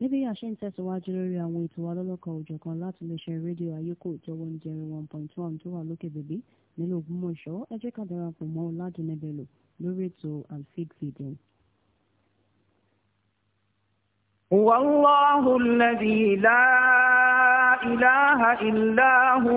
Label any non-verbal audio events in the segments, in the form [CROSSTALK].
níbi yà ṣe ń tẹ̀síwájú lórí àwọn ètò alọ́lọ́kan òjọ̀kan láti iléeṣẹ́ rédíò ayékò ìjọwọ́ ní jẹrin one point one tó wà lókè bèbí nílùú Ògbómọ̀ṣọ́ ẹ jẹ́ ká darapọ̀ mọ́ ọ̀làdúnẹ́bẹ̀lò lórí ètò alfig fìdí. wàlláhu alladhi la ilaha illa hu.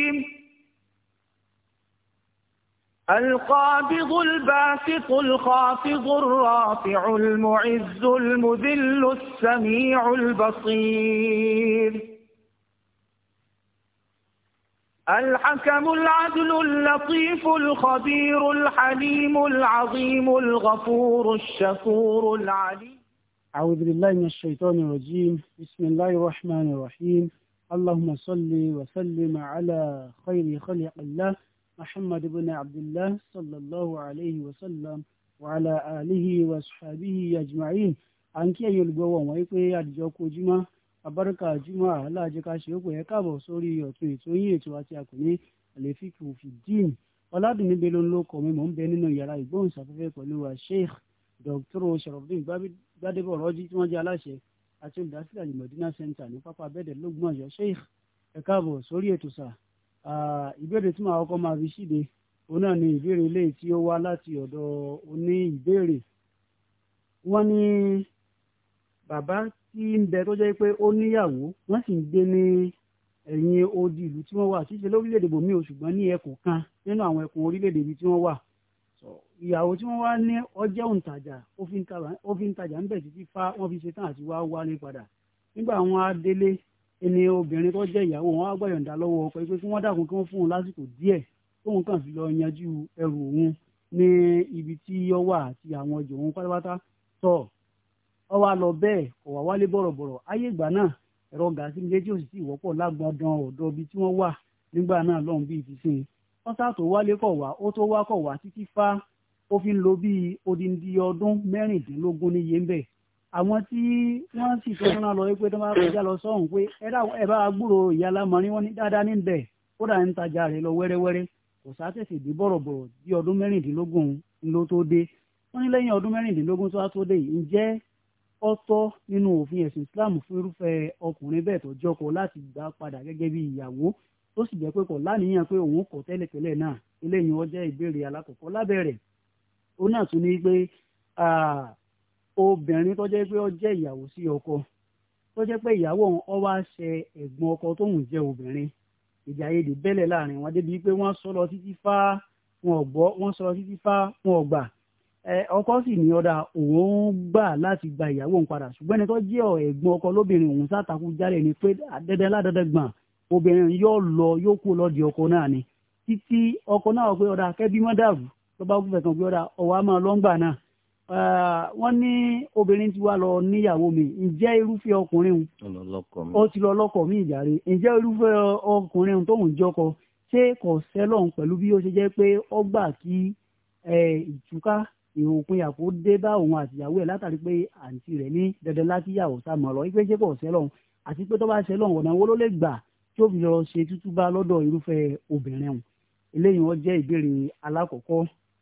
القابض الباسط الخافض الرافع المعز المذل السميع البصير الحكم العدل اللطيف الخبير الحليم العظيم الغفور الشكور العليم أعوذ بالله من الشيطان الرجيم بسم الله الرحمن الرحيم اللهم صل وسلم على خير خلق الله محمد بن عبد الله صلى الله عليه وسلم وعلى آله وصحبه أجمعين àǹkí ẹ̀yin olùgbọ́wọ́ wọ̀nyí pé àdìjọ kó jùmọ̀ abárúkà jùmọ̀ aláàjẹká ṣe òpin ẹ̀ káàbọ̀ sórí ọ̀tún ètò yín ètò àti àkùnrin àlèfíkù fìdíìn ọ̀làdùnní belo ló kọ̀ mí mò ń bẹ nínú yàrá ìgbóhùnsáfẹ́fẹ́ pẹ̀lú wa sheikh dr sharafdin gbadebo rọ́jí tí wọ́n jẹ́ aláṣẹ àti olùdásílẹ̀ alimọ̀dínà center ní pápá abẹ́dẹ̀ lógún ọ̀yọ́ sheikh ẹ̀ káàbọ̀ sórí ètò sáà ìbéèrè tí màá kọ́ máa fi ṣíde òun náà ni ìbéèrè eléyìí tí ó wá láti ọ̀dọ̀ oní ìbéèrè wọ́n ní bàbá tí ń bẹ tó jẹ́ pé ó níyàwó wọ́n sì ń gbé ní ẹ̀yìn odi ìlú tí wọ́n wà kì í ṣe lórílẹ̀‐èdè bòmí o ṣùgbọ́n ní ẹkùn kan nínú àwọn ẹkùn orílẹ̀‐èdè ibi tí wọ́n wà ìyàwó tí wọ́n wá ní ọjọ́ òǹtajà ó fi ń tajà ń bẹ̀ títí fá wọ́n fi ṣetán àti wá wálé padà nígbà wọn á ẹni obìnrin tó jẹ́ ìyàwó wọn á gbàyọ̀ǹda lọ́wọ́ ọkọ pé kí wọ́n dákun kí wọ́n fún un lásìkò díẹ̀ tóun kàn fi lọ yanjú ẹrù òun ní ibi tí ó wà àti àwọn ọjọ́ òun pátápátá tọ̀ ọ wá lọ bẹ́ẹ̀ kò wá wálé bọ̀rọ̀bọ̀rọ̀ ayé ìgbà náà ẹ̀rọ gàásì ní létí òsì tí ìwọ́pọ̀ lágbọ̀ndàn ọ̀dọ̀ ibi tí wọ́n wà nígbà náà lọ́hùn bíi ti sìn wọ́n sàtò wálé kọ̀ wá ó tó wá kọ̀ wá títí fá ó fi ń lo bíi odindi ọdún mẹ́rìndínlógún níye ń bẹ̀ àwọn tí wọ́n sì fẹ́ fúnra lọ wípé tó máa hmm. kọjá lọ sọ́hùn pé ẹ bá gbúrò ìyá alámọ̀rin wọn ní dáadáa ní bẹ̀ kódà ń tajà rẹ̀ lọ wẹ́rẹ́wẹ́rẹ́ kò sátẹ̀sì dé bọ̀rọ̀bọ̀rọ̀ bí ọdún mẹ́rìndínlógún ló tó dé wọ́n ní ọdún mẹ́rìndínlógún tó wá tó dé yìí ǹjẹ́ ọ̀tọ̀ nínú òfin Islam obìnrin tó jẹ́ pé ó jẹ́ ìyàwó sí ọkọ tó jẹ́ pé ìyàwó òun ọ wá ṣe ẹ̀gbọ́n ọkọ tóun jẹ́ obìnrin ìjà ayédè bẹ́lẹ̀ láàrin wọn débi pé wọ́n sọ lọ títí fá wọn ò gbọ́ wọ́n sọ lọ títí fá wọn ò gbà ọkọ sì ní ọ̀dà òun gbà láti gba ìyàwó òun padà ṣùgbọ́n ẹni tó jẹ́ ẹ̀gbọ́n ọkọ lóbìnrin òun sátakú jálẹ̀ ni pé dẹ́dẹ́ ládẹ́dẹ́ gbọ̀n obìnrin yóò lọ yóò kú lọ di ọkọ náà ni títí ọkọ náà pé ọ̀dà kẹ́bí mọ́ dàrú tó bá kú fẹ̀sán pé ọ̀dà ọ̀wá máa lọ́ngbà náà Eh, wọ́n ní obìnrin ti wá lọ níyàwó mi ǹjẹ́ irúfẹ́ ọkùnrin ó ti lọ lọ́kọ mi ìjàre ǹjẹ́ irúfẹ́ ọkùnrin tóun jọkọ ṣé kò sẹ́lọ̀n pẹ̀lú bí ó ṣe jẹ́ pé ó gbà kí eh, ìtúká ìhòòpin àpò dé bá òun àtìyàwó ẹ̀ látàrí pé àǹtí rẹ̀ ní dandan láti yàwó sàmọ̀ lọ ìgbésẹ̀ kò sẹ́lọ̀n àti pé tó bá sẹ́lọ̀n ọ̀nà wo ló lè gbà tí ó fi lọ ṣe tútú bá lọ́dọ̀ irúfẹ́ obìnrin eléyìí wọ́n jẹ́ ìbéèrè alákọ̀ọ́kọ́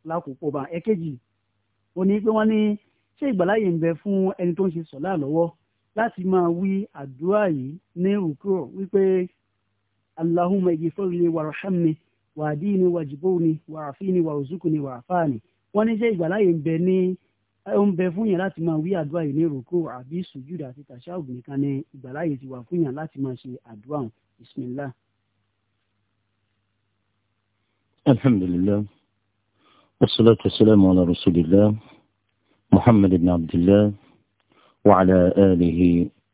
lákòókò bá ẹ̀kejì ó ní pé wọ́n ní ṣé ìgbàláyè ń bẹ fún ẹni tó ń ṣe sọ̀lá lọ́wọ́ láti máa wí àdúrà yìí ní rúkúrò wípé allahumma igifirli warhamni wàdíni wàjibóni wàràfíni wàrùzùkùni wàràfáàni wọ́n ní ṣé ìgbàláyè ń bẹ ní ó ń bẹ fún yàn láti máa wí àdúrà yìí ní rúkú àbí sùjúdà àti tàṣàwùn nìkan ni ìgbàláyè ti wà fún yàn láti máa ṣe àdúrà bismillah. alhamdulillah. والصلاة والسلام على رسول الله محمد بن عبد الله وعلى آله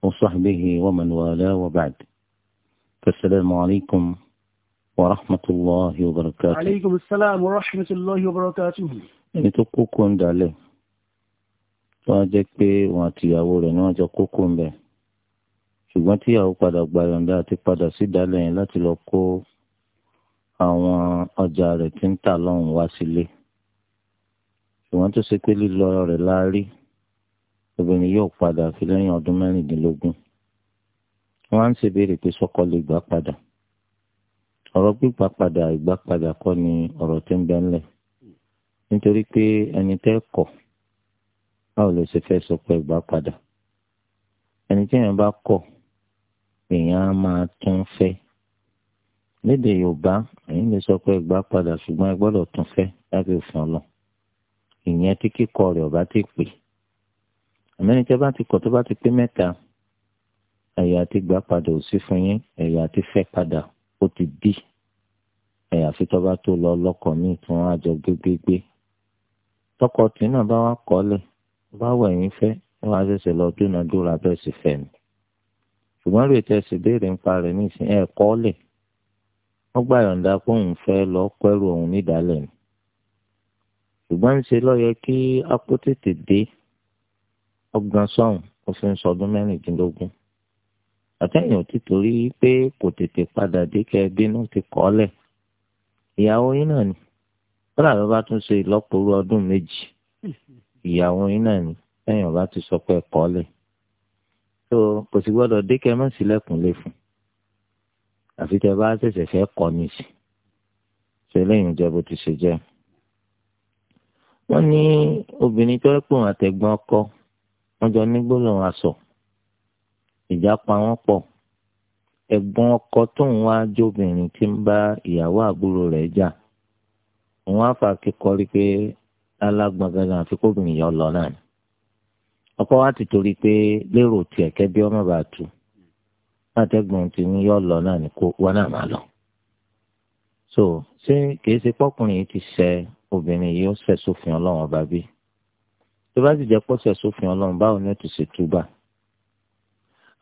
وصحبه ومن والاه وبعد فالسلام عليكم ورحمة الله وبركاته عليكم السلام ورحمة الله وبركاته ẹni tó kókó ń dalẹ̀ tó wá jẹ́ pé òun àtìyàwó rẹ̀ ni wọ́n jọ kókó ń bẹ̀ ṣùgbọ́n tíyàwó padà gba àti padà sí ìdálẹ̀ yẹn láti lọ kó àwọn ọjà rẹ̀ tí ń tà lọ́hùn wá sílé ṣùgbọ́n tó ṣe pé lílọ rẹ̀ láárí obìnrin yóò padà fi lẹ́yìn ọdún mẹ́rìndínlógún wọ́n á ń ṣèbéèrè pé sọ́kọ lè gbà padà ọ̀rọ̀ gbígbà padà ìgbà padà kọ́ ni ọ̀rọ̀ tó ń bẹ ńlẹ̀ nítorí pé ẹni tẹ́ kọ̀ báwo ló ṣe fẹ́ sọ pé ìgbà padà ẹni tí èèyàn bá kọ̀ èèyàn á máa tún fẹ́ lédè Yorùbá èyí lè sọ pé ìgbà padà ṣùgbọ́n ẹ gbọ́dọ̀ tún fẹ́ lábẹ́ òfin Ọlọ́run ìyẹn tí kíkọ rẹ̀ ọba ti pè àmẹ́nìjẹ́ bá ti kọ̀ tó bá ti pé mẹ́ta ẹ̀yà àti gbà padà ò sí fún yín ẹ̀yà àti fẹ́ padà ó ti dí ẹ̀yà àfi tọ́ba tó lọ lọ́kọ̀ míì tí wọ́n á jọ gbégbégbé tọkọ tí náà bá wà kọ́lẹ̀ bá wà yín fẹ́ wọ́n á ṣẹ̀ṣẹ̀ lọ dúnadúrà bẹ́ẹ̀ sì fẹ́ mi ṣùgbọ́n rèé tẹ́ béèrè ń parẹ́ nísìnyí ẹ̀ kọ́lẹ̀ wọ́n gbà yọ̀ǹda pé òun fẹ́ lọ pẹ́rù òun nídàálẹ̀ ni ṣùgbọ́n ń ṣe lọ́yẹ kí apó tètè dé ọgbọ̀n sọ́hùn ó fi ń sọdún mẹ́rìndínlógún àtẹ̀yìn òtí torí pé kò tètè padà dé kẹ́ ẹ bínú ti kọ́lẹ̀ ìyàwó yín náà ni kọ́lá ló bá tún ṣe ìlọ́pọ̀rọ̀ ọdún méjì ìyàwó yín náà ni lẹ́yìn ọba ti sọ pé kọ́lẹ̀ tó kò sì gbọ́dọ̀ dé kẹ́ mọ́ sílẹ̀kùn lé fún àfi tẹ́ bá ṣẹ̀ṣẹ̀ fẹ́ kọ́ nìyí ṣe lẹ́yìn ìjọba ti ṣe jẹ́ wọ́n ní obìnrin tó pọ̀ àtẹ̀gbọ́n ọkọ wọ́n jọ ní gbólóhùn aṣọ ìjà pa wọ́n pọ̀ ẹ̀gbọ́n ọkọ tóun wá jóbìnrin tí ń bá ìyàwó àbúrò rẹ̀ jà òun á fà kíkọrí pé alágbọ̀n gangan àfi kóbìnrin yọ lọ náà ni ọkọ wa ti torí pé lérò tiẹ̀ kẹ́bí ọmọ bá tu látẹ̀gbọ́n ti ní yọ lọ náà ni kó wọn náà máa lọ so ṣé kìí ṣe pọ́kùnrin ti ṣẹ obìnrin yìí ó ṣẹ̀ sófin ọlọ́run ọba bí tó bá sì jẹ́ pọ́ ṣẹ̀ sófin ọlọ́run báwo ni ó ti ṣe túbà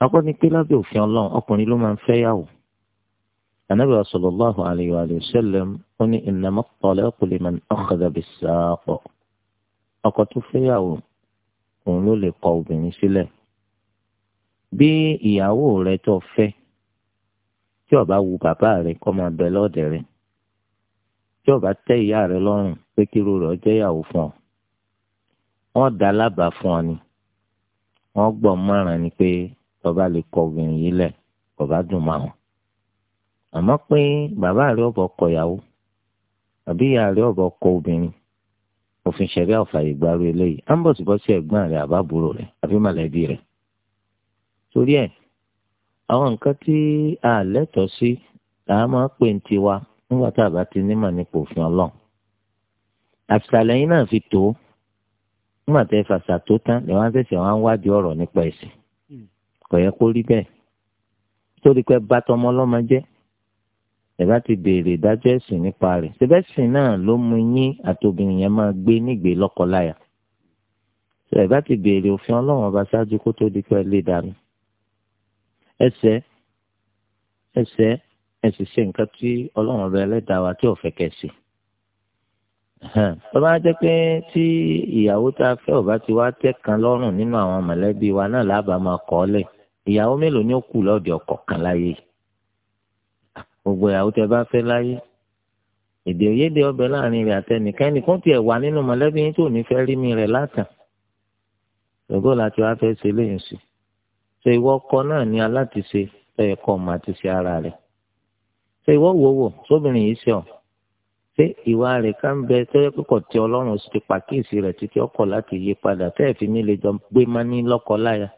akọ́ ni pé lábẹ́ òfin ọlọ́run ọkùnrin ló máa ń fẹ́ yàwó anabi sallallahu alayhi wa sallam ó ní innama at-talaqu liman akhadha bis-saq ọkọ tó fẹ́ òun ló lè kọ obìnrin sílẹ̀ bí ìyàwó rẹ tó fẹ́ tí ó wu bàbá rẹ kó máa bẹ lọ́dẹ̀ rẹ̀ tí ó bá tẹ́ ìyá rẹ lọ́rùn pé kíru rẹ̀ jẹ́ ìyàwó fún ọ wọ́n dá lábàá fún ọ ni wọ́n gbọ́ márùn ni pé bàbá lè kọ obìnrin yìí lẹ̀ bàbá dùn máa wọn àmọ́ pé bàbá rẹ ọ̀bọ̀ kọ ìyàwó àbí ìyá rẹ ọ̀bọ̀ kọ obìnrin òfin ṣẹ̀rí àfààyè gbàrú eléyìí á ń bọ̀ síbọ̀ sí ẹ̀gbọ́n rẹ àbábúrò rẹ àbí mọ̀lẹ́bí rẹ torí ẹ̀ àwọn nǹkan tí a lẹ́tọ̀ọ́ sí làá máa pè ń tiwa nígbà tá a bá ti nímọ̀ nípa òfin ọlọ́run àfìsàlẹ̀ yín náà fi tó nígbà tẹ́ fàṣà tó tán lè wọ́n ṣẹ̀ṣẹ̀ wọ́n á wádìí ọ̀rọ̀ nípa ẹ̀sìn kò yẹ kó rí bẹ́ẹ̀ torí pé bàtọ́mọ ọlọ́mọ jẹ́ ẹ bá ti béèrè ìdájọ́ ẹ̀sìn nípa rẹ̀ ṣẹbẹ́sìn náà ló mú yín àtòbìnrin yẹn máa gbé nígbè lọ́kọláya ẹ bá ti béèrè òfin ọlọ́run ọba ṣáájú kó tó di pé ẹ lé dànù ẹsẹ̀ ẹsẹ̀ ẹ sì ṣe nǹkan tí ọlọ́run ọba ẹlẹ́dàá wa tí ò fẹ́ kẹ́ sí. bàbá jẹ́ pé tí ìyàwó tá a fẹ́ ò bá ti wá tẹ́ kan lọ́rùn nínú àwọn mọ̀lẹ́bí wa náà lábàá máa kọ́ ọ lẹ̀ ìyàwó mélòó ni ó kù lọ́ọ̀dì ọkọ kan láyé gbogbo ìyàwó tẹ bá fẹ́ láyé èdè òyédè ọbẹ̀ láàrin rẹ̀ àtẹnìkan ẹnìkan tiẹ̀ wà nínú mọ̀lẹ́bí yín tó ní fẹ́ rí mi rẹ̀ látàn ògbó láti wá fẹ́ ṣe léyìn sí ṣe ìwọ ọkọ náà ní aláti ṣe ẹ̀kọ́ ọmọ àti ṣe ara rẹ̀ ṣé ìwọ wò wò sóbìnrin yìí ṣe ọ ṣé ìwà rẹ̀ ká ń bẹ tó yẹ kókò tí ọlọ́run ti pàkíyèsí rẹ títí ọkọ láti yí padà tẹ́ fi mí jọ gbé má ní lọ́kọ láya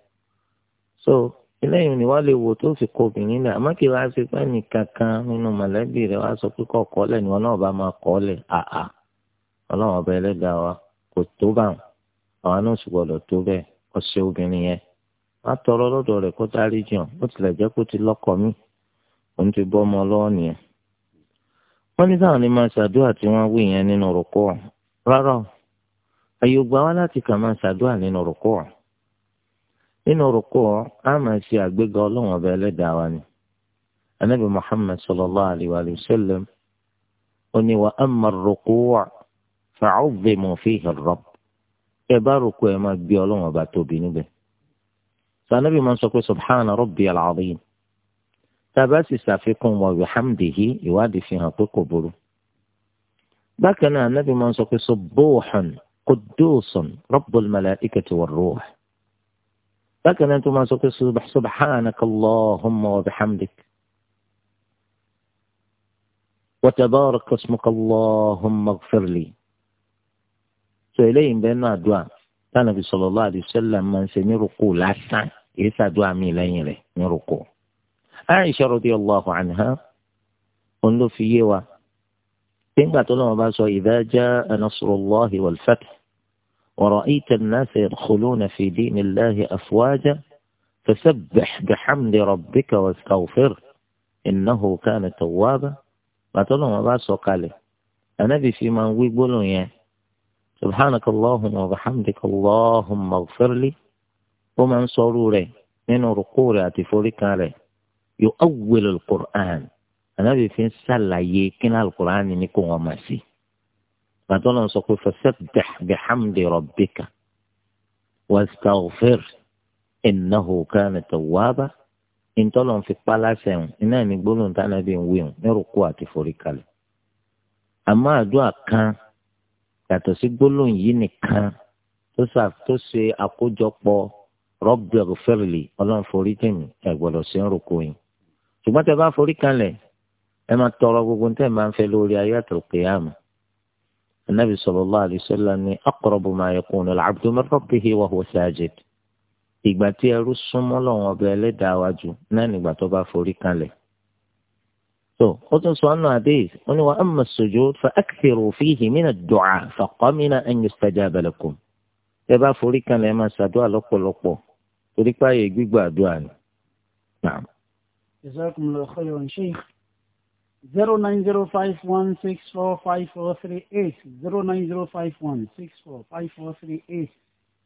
so eléyìí ni wọ́n lè wò tó fi kọ obìnrin náà àmọ́ kí wàá ṣe pé nìkankan nínú mọ̀lẹ́bí rẹ̀ wàá sọ pé ọkọ lẹ̀ ni wọn náà ọba ẹlẹgbẹ wa kò tó bá wọn àwọn náà sì tó obìnrin yẹn á tọrọ òun ti bọ́ ọmọ lọ́wọ́ nìyẹn. wọ́n ní sáwọn ní máa ṣàdúrà tí wọ́n wí yẹn nínú rúkọ́ rárá o àyè ògbà wa láti kà máa ṣàdúrà nínú rúkọ́ nínú rúkọ́ á máa ṣe àgbéga ọlọ́run ọba ẹlẹ́dàá wa ni anabi muhammad sallallahu alayhi wa sallam ó ní wa amma rúkọ́ fa'azzimu fihi rabb ẹ bá rúkọ́ ẹ máa gbé ọlọ́run ọba tóbi níbẹ̀ sanabi máa sọ pé subhana rabbiyal azim tàbá sì ṣàfikún wọn bihamdihi ìwádìí fi hàn pé kò burú. bákan náà anábì máa ń sọ pé subbuhun quddusun rabbul malaikati war ruh. bákan náà tó máa sọ pé subhanaka allahumma wa bihamdik. wa tabaraka ismuka allahumma ighfir sọ eléyìí bẹ́ẹ̀ náà dùn à tánàbì sallallahu alaihi máa ń ṣe ní rúkú lásán aisha radiyallahu anha òun ló fi yé wa nígbà tó lọ́wọ́ bá sọ idha jaa nasrullahi wal fath wa ra'ayta an-nasa yadkhuluna fi dinillahi afwaja fasabbih bihamdi rabbika wastaghfir innahu kana tawwaba bàtà lọ́wọ́ bá sọ kalẹ̀ anabi fi máa ń wí gbólóhùn yẹn subhanaka allahumma wa bihamdika allahumma ighfir li ó máa ń sọ ọrú rẹ̀ nínú rúkú rẹ̀ àti foríkan rẹ̀. yu'awwil al-Qur'an ànábì fi ń ṣàlàyé kí ní al-Qur'an ní kó wọn máa sí. bàtọ́ lọ́n sọ pé fasabbih bihamdi rabbika wastaghfir innahu kana tawwaba ìtọ́lọ́n fi pálá sẹ́wọ̀n iná ní gbólóhùn tánàbí ń wéwọ̀n nírúkú àti foríkalẹ̀. àmọ́ àdúrà kan yàtọ̀ sí gbólóhùn yìí nìkan tó ṣe àkójọpọ̀ rabbighfirli ọlọ́run forí jìn mí sí ń yìí ṣùgbọ́n tẹ́ bá forí kanlẹ̀ ẹ máa tọrọ gbogbo tẹ́ máa ń fẹ́ lórí ayé àtọ̀kẹ́ àmọ́ anabi sallallahu alaihi wasallam ni aqrabu ma yakunu al-abdu min rabbihi wa huwa sajid ìgbà tí ẹrú súnmọ́ lọ́wọ́ ọbẹ̀ ẹlẹ́dàá wájú náà nígbà tó bá forí kanlẹ̀ tó ó tún sọ ọ́nà àdéhìí ó ní wa amma as-sujud fa akthiru fihi min ad-du'a fa qamina an yustajaba lakum tẹ́ bá forí kanlẹ̀ ẹ máa ṣàdúrà lọ́pọ̀lọpọ̀ torí gbígbà àdúrà ni jazakumullahu khairan sheikh zero nine zero five one six four five four three eight zero nine zero five one six four five four three eight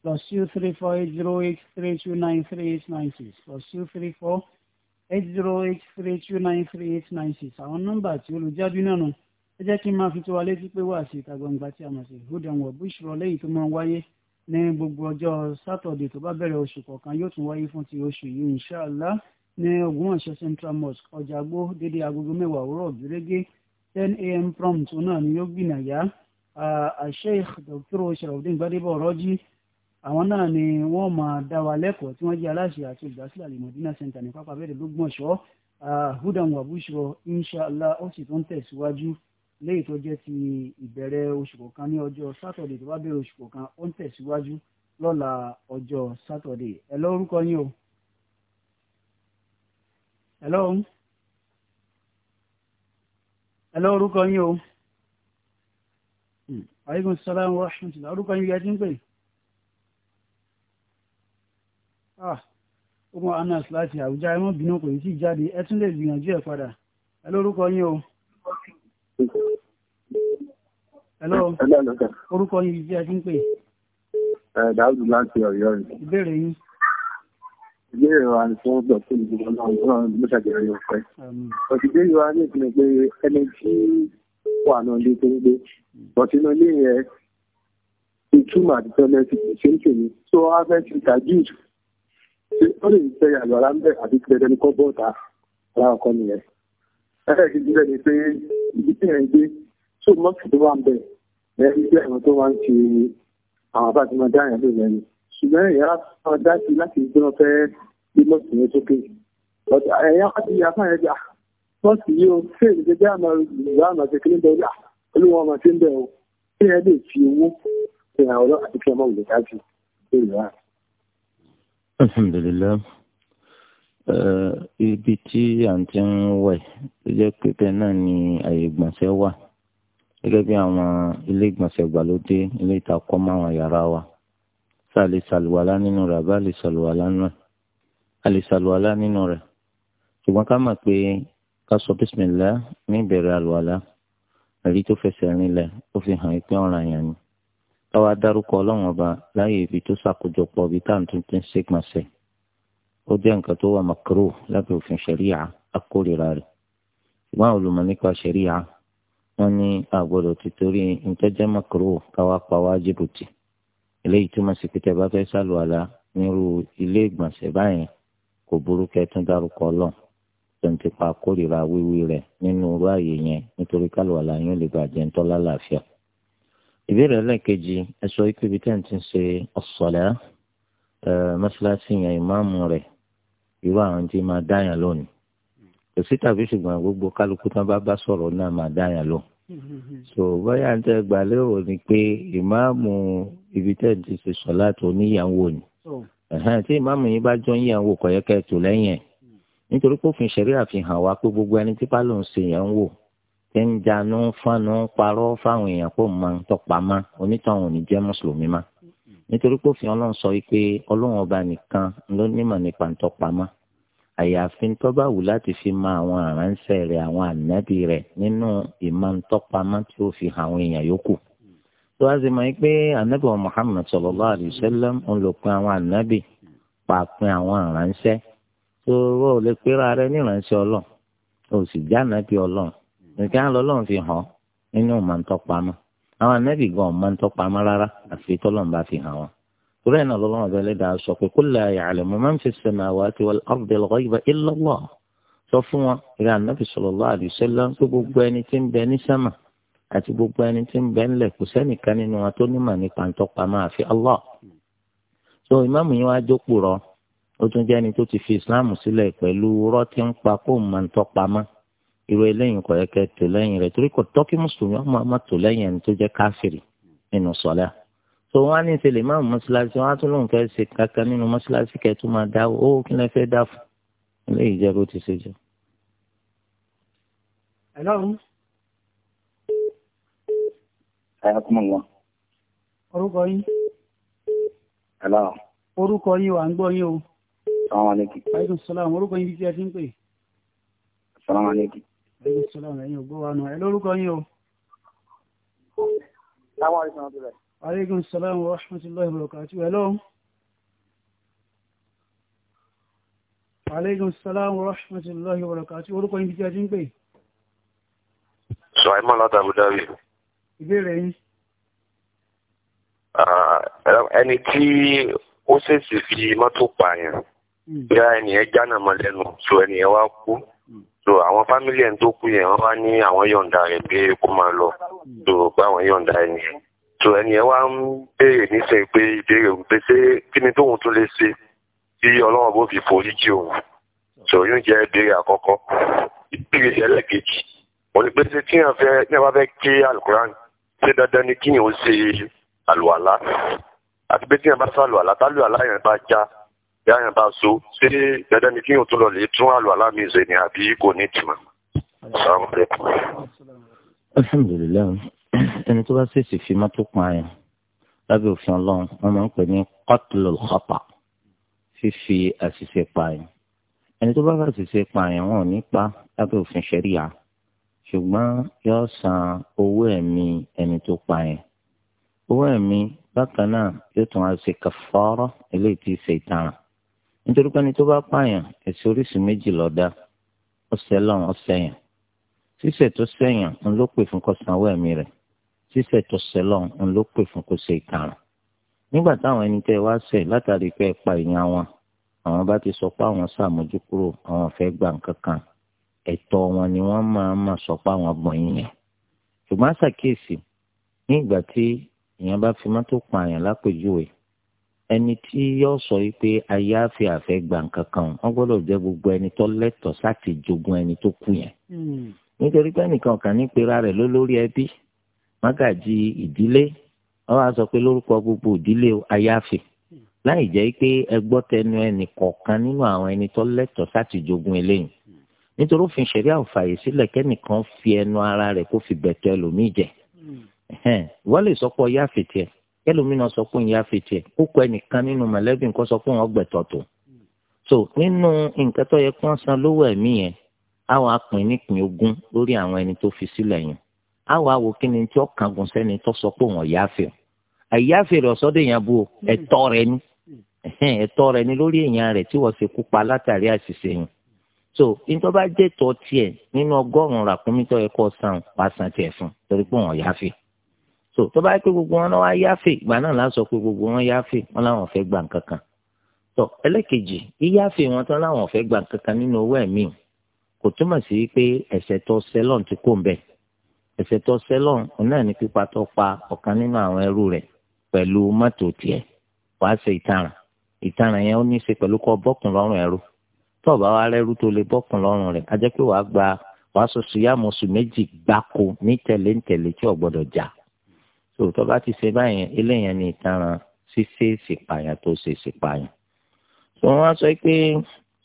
plus two three four eight zero eight three two nine three eight nine six plus two three four eight zero eight three two nine three eight nine six àwọn nọ́mbà tí olùjábí náà nù ẹ jẹ́ kí n máa fi tó wa létí pé wà sí ìta gbangba tí a mọ̀ sí hudan wa bushra lẹ́yìn tó máa ń wáyé ní gbogbo ọjọ́ sátọ̀dẹ̀ tó bá bẹ̀rẹ̀ oṣù kọ̀ọ̀kan yóò tún wáyé fún ti oṣù yìí inṣáàlá ní Ògbómọ̀ṣọ́ Central Mosque Ọ̀jàgbó dédé agogo mẹ́wàá òwúrọ̀ gẹ́gẹ́ ten a.m. prompt náà ni yóò gbìnàyà Sheikh Dr. Sharafdin Gbadebo Ọ̀rọ́jì àwọn náà ni wọ́n máa dá wa lẹ́kọ̀ọ́ tí wọ́n jẹ́ aláṣẹ àti olùdásílẹ̀ Al-Madina Center ní pápá abẹ́rẹ́ lógbọ̀nsọ́ hudan wabushro inshallah ó sì tún tẹ̀síwájú léyìí tó jẹ́ ti ìbẹ̀rẹ̀ oṣù kọ̀ọ̀kan ní ọjọ́ sátọ̀dẹ̀ tó bá bẹ̀rẹ̀ oṣù kọ̀ọ̀kan ó ń tẹ̀síwájú lọ́la ọjọ́ sátọ̀dẹ̀ ẹ lórúkọ yín o hello hello orúkọ yín o hmm. aleykum salaam wa rahmatulah orúkọ yín yẹtí ń pè ah ogun anas láti àwùjá ẹmọ bínú kò tí ì jáde ẹ tún lè gbìyànjú ẹ padà hello orúkọ yín o hello orúkọ yín yẹtí ń pè. ẹ eh, dáhùn láti Ọ̀yọ́ yìí. ìbéèrè yín ìbéèrè wa ni fún ọgbà tó ìdìbò náà náà ló ṣàjẹrẹ òṣìṣẹ́ yìí ní ìpínlẹ̀ pé ẹni tí wà náà lé tó ń gbé bọ̀tínú ilé yẹn ìtumọ̀ àti tọ́lẹ́tì ṣe ń tèmi tó wá fẹ́ ti tàjú ṣe ó lè fẹ́ yàgò ara ń bẹ̀ àti tẹ̀lẹ́ ní kọ́ bọ́ọ̀tà ara nìyẹn ẹ̀rẹ́ ni pé ibi ṣùgbọ́n ìyára kan dá sí láti gbọ́n fẹ́ bí bọ́ọ̀sì yẹn sókè eh, ẹ̀yà láti yà fún ẹ̀yà ah, bọ́ọ̀sì yìí o ṣé ìgbẹ́jẹ́ àmọ́ ìgbà àmọ́ ṣe kí ní bẹ́ẹ̀ yà ah, olúwa ọmọ ṣe ń bẹ̀ o ṣé ẹ lè fi owó ìrànwọ́ lọ àti kí ọmọ òwò dájú ṣé ìrà. alhamdulilayi eh, ibi tí à ń ti ń wẹ̀ tó jẹ́ pé bẹ́ẹ̀ náà ni àyè ìgbọ̀nsẹ̀ wà gẹ́gẹ́ bí àwọn ilé ìgbọ̀nsẹ̀ ìgbàlódé ilé ìtakọ́ máwọn yàrá wa sá lè ṣàlùwàlá nínú rẹ̀ àbá lè ṣàlùwàlá nínú rẹ̀ a lè ṣàlùwàlá nínú rẹ̀ ṣùgbọ́n ká mọ̀ pé ká sọ bísímìlá ní ìbẹ̀rẹ̀ àlùwàlá ẹ̀rí tó fẹsẹ̀ rinlẹ̀ ó fi hàn pé ọ̀ràn yẹn ni káwá dárúkọ ọlọ́run ọba láyé ibi tó ṣàkójọpọ̀ ibi tá à ń tuntun ṣègbọ̀nsẹ̀ ó jẹ́ nǹkan tó wà makaro lábẹ́ òfin ṣẹ̀ríà akórira rẹ̀ ṣùgbọ́n àwọn olùmọ̀ nípa ṣẹ̀ríà wọ́n ní àgbọ̀dọ̀ ti torí ntọ́jẹ́ makaro káwá pa wá jìbìtì eléyìí túmọ̀ sí pé tẹ́ bá fẹ́ sàlùwàlà nírú ilé ìgbọ̀nsẹ̀ báyẹn kò burú kẹ́tún dárúkọ ọlọ́run tó pa kórìíra wíwí rẹ̀ nínú irú ààyè yẹn nítorí kálùwàlà yín ò lè bàjẹ́ ń tọ́lá làáfíà. ìbéèrè ẹlẹ́ẹ̀kejì ẹ sọ pé ibi tẹ́ ń ti ṣe ọ̀sọ̀lá mọ́ṣáláṣí yẹn ìmáàmù rẹ̀ irú àwọn tí máa dáyàn lónìí kò sí tàbí ṣùgbọ́n gbogbo kálukú tán bá bá sọ̀rọ̀ náà máa dáyàn lónìí so bóyá ń tẹ gbà lérò ni pé ìmáàmù ibi tẹ̀ ti ṣe sọ láti oníyàwó ni tí ìmáàmù yìí bá jọ níyàwó kò yẹ kẹ́ tó lẹ́yìn ẹ̀ hmm. nítorí pé òfin ṣẹ̀rí àfihàn wá pé gbogbo ẹni tí bá lòun ṣe yẹn ń wò tí ń janú fánú parọ́ fáwọn èèyàn kó máa tọpa má onítọ̀hún ò jẹ́ mùsùlùmí má hmm. nítorí pé òfin ọlọ́run sọ wípé ọlọ́run ọba nìkan ló nímọ̀ nípa tọpa má àyàfi tó bá wù láti fi mọ àwọn àránṣẹ́ rẹ̀ àwọn ànábì rẹ̀ nínú ìmọ̀ntọ́pamọ́ tí ó fi hàn àwọn èèyàn yòókù. tó wá sí mọ̀ yín pé ànábì wa Muhammad sallallahu alaihi wasallam ń lò pin àwọn ànábì pàpin àwọn àránṣẹ́ tó wọ́n ò lè pera rẹ ní ìránṣẹ́ ọlọ́run ó sì já ànábì ọlọ́run nìkan lọ́lọ́run fi hàn nínú ìmọ̀ntọ́pamọ́ àwọn ànábì gan ọ̀mọ̀ntọ́pamọ́ rárá àfi tọ́lọ́run torí ẹ̀ náà lọ́wọ́ ọ̀bẹ lẹ́dàá sọ pé kó la ya'lamu man fi samawati wal ardi al-ghayba illa Allah sọ fún wọn ìrẹ́ ànábì sallallahu alaihi wasallam tó gbogbo ẹni tí ń bẹ ní sẹ́mà àti gbogbo ẹni tí ń bẹ ńlẹ̀ kò sẹ́nìkan nínú wọn tó nímọ̀ nípa ń tọ́pa máa fi Allah. so ìmáàmù yín wàá jókòó rọ ó tún jẹ́ ẹni tó ti fi ìsìláàmù sílẹ̀ pẹ̀lú rọ́ tí ń pa kó máa ń tọ́pa mọ́ irú eléyìí kò yẹ kẹ́ tó lẹ́yìn rẹ̀ torí kò tọ́kí mùsùlùmí ọmọ ọmọ tó lẹ́yìn ẹni tó jẹ́ káfìrì nínú sọ́lá so wọn á ní ìṣẹ̀lẹ̀ máa mọ́ṣáláṣí wọn á tún lóun fẹ́ẹ́ ṣe kankan nínú mọ́ṣáláṣí kẹtù máa dá o ó kí lẹ fẹ́ẹ́ dá fún ilé ìjẹbù ti ṣe jù. hello. ẹ̀yà kúmọ̀ wọn. orúkọ yín. hello. orúkọ yín wà ń gbọ́ yín o. salaamaleykum. aleykum salaam orúkọ yín bí tí a ti ń pè. salaamaleykum. aleykum salaam ẹ̀yin ò gbọ́ wa nù ẹ lórúkọ yín o. salaamaleykum aleykum salaam wa rahmatulahi wa barakatuh hello. aleykum salaam wa rahmatulahi wa barakatuh orúkọ yín tí a ti ń pè. sùwàìmọ̀ láti Abu Dhabi. ìbéèrè yín. Ah, ẹni tí ó ṣèṣì fi mọ́tò pààyàn hmm. bí ẹnìyẹn jáná mọ́ lẹ́nu so ẹnìyẹn wá kú hmm. so àwọn fámílì ẹni tó kú yẹn wọ́n wá ní àwọn yọ̀ǹda rẹ̀ pé kó máa lọ hmm. so pé àwọn yọ̀ǹda ẹnìyẹn tó ẹni ẹ wá ń béèrè nísìnyí pé ìbéèrè òun pé ṣé kí ni tóun tún lè ṣe tí ọlọ́run bó fi forí jì òun tó yóò jẹ́ ìbéèrè àkọ́kọ́ ìbéèrè ẹlẹ́kejì wọ́n ní pé ṣé kí èèyàn fẹ́ ní fẹ́ ké alukuran ṣé dandan ni kí èèyàn ṣe àlùwàlá àti pé tí èèyàn bá sọ àlùwàlá tálùwàlá yẹn bá já bí àyàn bá so ṣé dandan ni kí èèyàn tún lọ lè tún àlùwàlá mi ṣe ni àbí kò ní ìtumọ̀ àtẹni tó bá ṣèṣì fi mọ́tò pa àyàn lábẹ́ òfin ọlọ́run wọ́n máa ń pè ní qatlul khata fífi àṣìṣe pa àyàn ẹni tó bá bá ṣìṣe pa àyàn wọn ò ní pa lábẹ́ òfin ṣẹ̀ríà ṣùgbọ́n yóò san owó ẹ̀mí ẹni tó pa àyàn owó ẹ̀mí bákan náà yóò tún á ṣe kàfárà eléyìí tí ì ṣe ìtaràn nítorí pé ẹni tó bá pààyàn ẹ̀ṣẹ̀ oríṣi méjì lọ́dá ọ̀sẹ̀ lọ́run ọ̀sẹ̀ yàn ṣíṣẹ̀ tó sẹ̀yàn ń ló pè fún kọ́sánwó ẹ̀mí rẹ̀ sísẹ̀ tó sẹ́lọ̀ ń ló pè fún kó ṣe ìkarùn. nígbà táwọn ẹni tẹ́ wá sẹ̀ látàrí pé ẹ pa èèyàn wọn àwọn bá ti sọ pé àwọn sàmójúkúrò àwọn fẹ́ gbà nǹkan kan ẹ̀tọ́ wọn ni wọ́n máa máa sọ pé àwọn gbọ̀n yín yẹn. ṣùgbọ́n àṣàkíyèsí ní ìgbà tí èèyàn bá fi mọ́tò pààyàn lápèjúwe ẹni tí yóò sọ yìí pé ayáàfẹ àfẹ gbà nǹkan kan wọn gbọ́dọ̀ jẹ gbogbo ẹni tó lẹ́tọ̀ọ́ sáti jogún ẹni tó kú yẹn hmm. nítorí pé ẹnìkan kàn ní pera rẹ̀ lólórí ẹbí mágàjì ìdílé wọ́n wá sọ pé lórúkọ gbogbo ìdílé ayáfi láì jẹ́ pé ẹgbọ́ tẹnu ẹnì kọ̀ọ̀kan nínú àwọn ẹni tó lẹ́tọ̀ọ́ sáti jogún eléyìí nítorí òfin ṣẹ̀ríà ò fàyè sílẹ̀ kẹ́nìkan fi ẹnu ara rẹ̀ kó fi bẹ̀tẹ̀ ẹlòmíì jẹ wọ́n lè sọ pé ọyá fìtì ẹ̀ kẹlòmínà sọ pé ìyá fìtì ẹ̀ ó kọ ẹnìkan nínú mọ̀lẹ́bí nǹkan sọ pé wọ́n gbẹ̀tọ̀ tó so nínú nǹkan tó yẹ kí wọ́n san lówó ẹ̀mí yẹn àwọn apìn nípìn ogún lórí àwọn ẹni tó fi sílẹ̀ yẹn àwọn àwò kí ni tí ó kángun sẹ́ni tó sọ pé òun ọ̀yáfẹ́ ẹ̀yáfẹ́ rẹ̀ ọ̀sọ́dọ̀ èèyàn bú hmm. ẹ̀tọ́ rẹ̀ ni ẹ̀tọ́ rẹ̀ ni lórí èèyàn rẹ̀ tí wọ́n ṣe kú látàrí àṣìṣe yẹn so nítorí bá jẹ́ tọ́ tiẹ̀ nínú ọgọ́rùn-ún ràkúnmí tó yẹ kó san pàṣán tiẹ̀ fún torí pé òun ọ̀yáfẹ́ so tó bá yẹ pé gbogbo wọn náà wá yáfẹ́ ìgbà náà lásọ pé gbogbo wọn yáfẹ́ wọn láwọn fẹ́ gbà kankan tọ ẹlẹ́kejì yíyáfẹ́ wọn tán láwọn fẹ́ gbà kankan nínú owó ẹ̀mí kò túmọ̀ sí pé ẹ̀ṣẹ̀ tó ṣẹlọ́n ti kó bẹ́ẹ̀ ẹ̀ṣẹ̀ tó sẹ́lọ̀n náà ní pípa tó pa ọ̀kan nínú àwọn ẹrú rẹ̀ pẹ̀lú mọ́tò tiẹ̀ wàá ṣe ìtaràn ìtaràn yẹn ó ní í ṣe pẹ̀lú kọ́ bọ́kùn lọ́rùn ẹrú tó bá wa rẹ́rú tó lè bọ́kùn lọ́rùn rẹ̀ ajẹ́ pé wàá gba wàá sọ síyàmù oṣù méjì gbáko ní tẹ̀lé ń tẹ̀lé tí ò gbọ́dọ̀ jà tó tó bá ti ṣe báyẹn eléyẹn ní ìtaràn ṣíṣe ìṣèpààyàn tó ṣe ìṣèpààyàn. tó wọn á sọ pé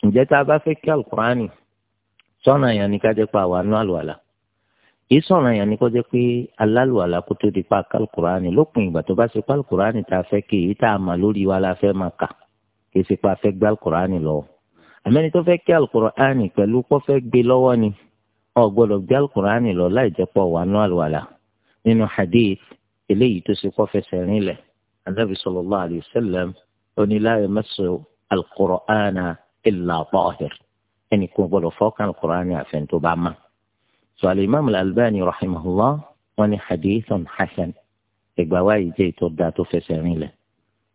ǹjẹ́ tá a bá fẹ́ kí alukurani pa àwọn àánú kì í sọ̀rọ̀ yẹn ni kó jẹ́ pé alálùwàlà kó tó di pa kálukùránì lópin ìgbà tó bá ṣe kálukùránì tá a fẹ́ kí èyí tá a mà lórí wa la fẹ́ máa kà kì í ṣe pa fẹ́ gbé alukùránì lọ. àmẹ́ni tó fẹ́ kí alukùránì pẹ̀lú kó fẹ́ gbé lọ́wọ́ ni ó gbọ́dọ̀ gbé alukùránì lọ láì jẹ́ pọ̀ wà nú àlùwàlà nínú hadith eléyìí tó ṣe kó fẹsẹ̀ rinlẹ̀ anábì sallallahu alayhi wa sọ alimami albani rahimahullah wọn ni hadithun hasan ìgbà wa yìí jẹ́ ìtọ́ da tó fẹsẹ̀ rìn lẹ̀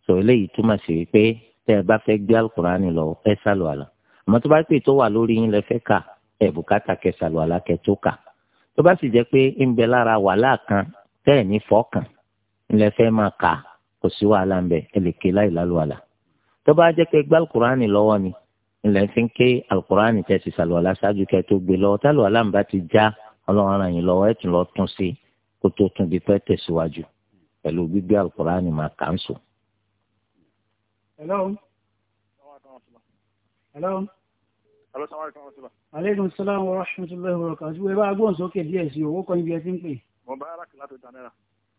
sọ eléyìí túmọ̀ sí wípé tẹ́ ẹ bá fẹ́ gbé alukur'an lọ ẹ sálọ àlà àmọ́ tó bá pè tó wà lórí yín lẹ fẹ́ kà ẹ bùkátà kẹ sálọ àlà kẹ tó kà tó bá sì jẹ́ pé ń bẹ lára wàhálà kan tẹ́ ẹ̀ ní fọ́ọ̀kàn ńlẹ fẹ́ máa kà kò sí wàhálà ń bẹ ẹ lè ké láì lálù àlà tó bá jẹ́ pé gbé alukur'an lọ́wọ́ ni ilẹ̀ fi ń ké alukur'an tẹ̀ sí sàlùwàlà ṣáájú kẹ́ tó gbé lọ tàlùwàlà ń bá ti já ọlọ́run ràn yín lọ́wọ́ ẹ̀ tún lọ tún sí kó tó tún bí pẹ́ tẹ̀síwájú pẹ̀lú gbígbé alukur'an máa kà ń sùn. hello. hello. hello aleykum salaam wa rahmatulahi wa barakatuh ẹ bá a gbóhùn sókè díẹ̀ sí owó kan ibi ẹ ti ń pè. mo bá ara kìlá tó ta náírà.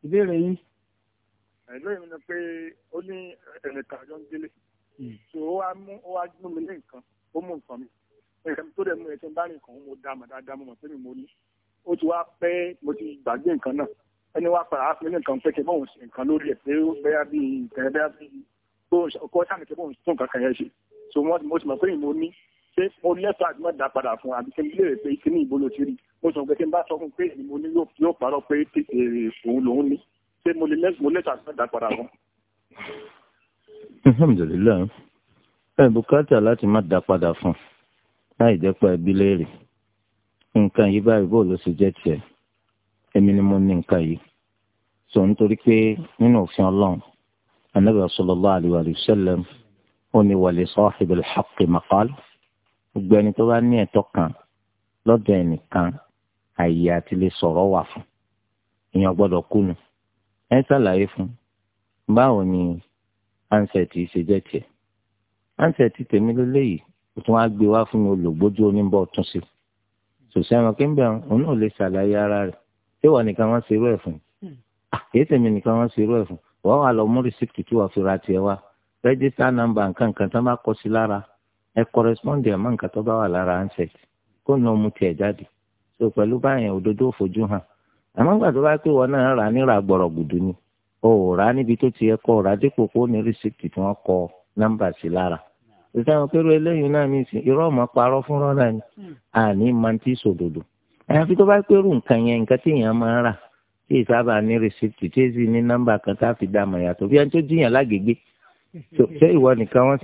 ìbéèrè yín. ìbéèrè mi ni pé ó ní ẹnìkan so ó wá mú ó wá mú mi ní nǹkan ó mú nǹkan mi ẹ̀rọ tó dẹ̀ mú ẹ̀ tí ń bá rìn mo dá mọ̀ dáadáa mo mọ̀ pé mi mo ní ó ti wá pẹ́ mo ti gbàgbé nǹkan náà ẹni wá padà á fi mí ní nǹkan pé kí bóun ṣe nǹkan lórí ẹ̀ pé ó bẹ́yà bí ìtẹ̀rẹ́ bẹ́yà bí bóun ọkọ sáà kí bóun tún kankan yẹn ṣe so mo ti mọ̀ pé mo ní pé mo lẹ́tọ̀ àti dá padà fún àbí kí n lè pé kí ní ìbò ló ti rí mo sọ pé kí n bá sọ fún pé mo ní yóò parọ́ pé eh, òun lòún ní pé mo lẹ́tọ̀ àti dá padà fún alhamdulilayi ẹ bùkátà láti má dá padà fún láì jẹ́ pé ẹbí léèrè nǹkan yìí báyìí bó ló ṣe jẹ́ tiẹ̀ èmi ni mo ní nǹkan yìí sọ nítorí pé nínú òfin Ọlọ́run anabi sallallahu alayhi wa sallam ó ní wàlẹ sahibil haqqi maqal gbogbo ẹni tó bá ní ẹ̀tọ́ kan lọ́dọ̀ ẹnìkan àyè àti lè sọ̀rọ̀ wà fún èèyàn gbọ́dọ̀ kùnú ẹ ṣàlàyé fún báwo ni ansẹ̀tì ṣe jẹ́ tiẹ̀ ansẹ̀tì tèmi lélẹ́yìí o tún wá gbé wá fún mi olùgbójú oníbọ̀ tún sí sòsì òun náà lè ṣàlàyé ara rẹ̀ ṣé nìkan wọ́n ẹ̀ fún tèmi hmm. nìkan wọ́n ẹ̀ fún wọ́n wà lọ mú tí wọ́n fi ra tiẹ̀ wá rẹ́gísítà nọ́mbà nǹkan nǹkan tó bá kọ sí lára ẹ kọrẹ́spọ́ndì ẹ̀ nǹkan tó bá wà lára na kó náà mú tiẹ̀ jáde so pẹ̀lú báyẹn òdodo fojú hàn àmọ́ gbà tó bá o n'ibi rà níbi tó ti yẹ kó o dípò kó ní rìsíìtì tí wọ́n kọ nọ́mbà sí lára ìtàn òkèrò eléyìí náà ní irọ́ ọmọ parọ́ fúnra náà ni àní hmm. máa ti sòdodo àyàfi tó bá pérù nǹkan yẹn nǹkan tí èèyàn máa ń rà tí ìsábà ní rìsíìtì tí èsì ní nọ́mbà kan tá a fi dá àmọ̀ yàtọ̀ bí ẹni tó jiyàn lágbègbè ṣé ìwọ nìkan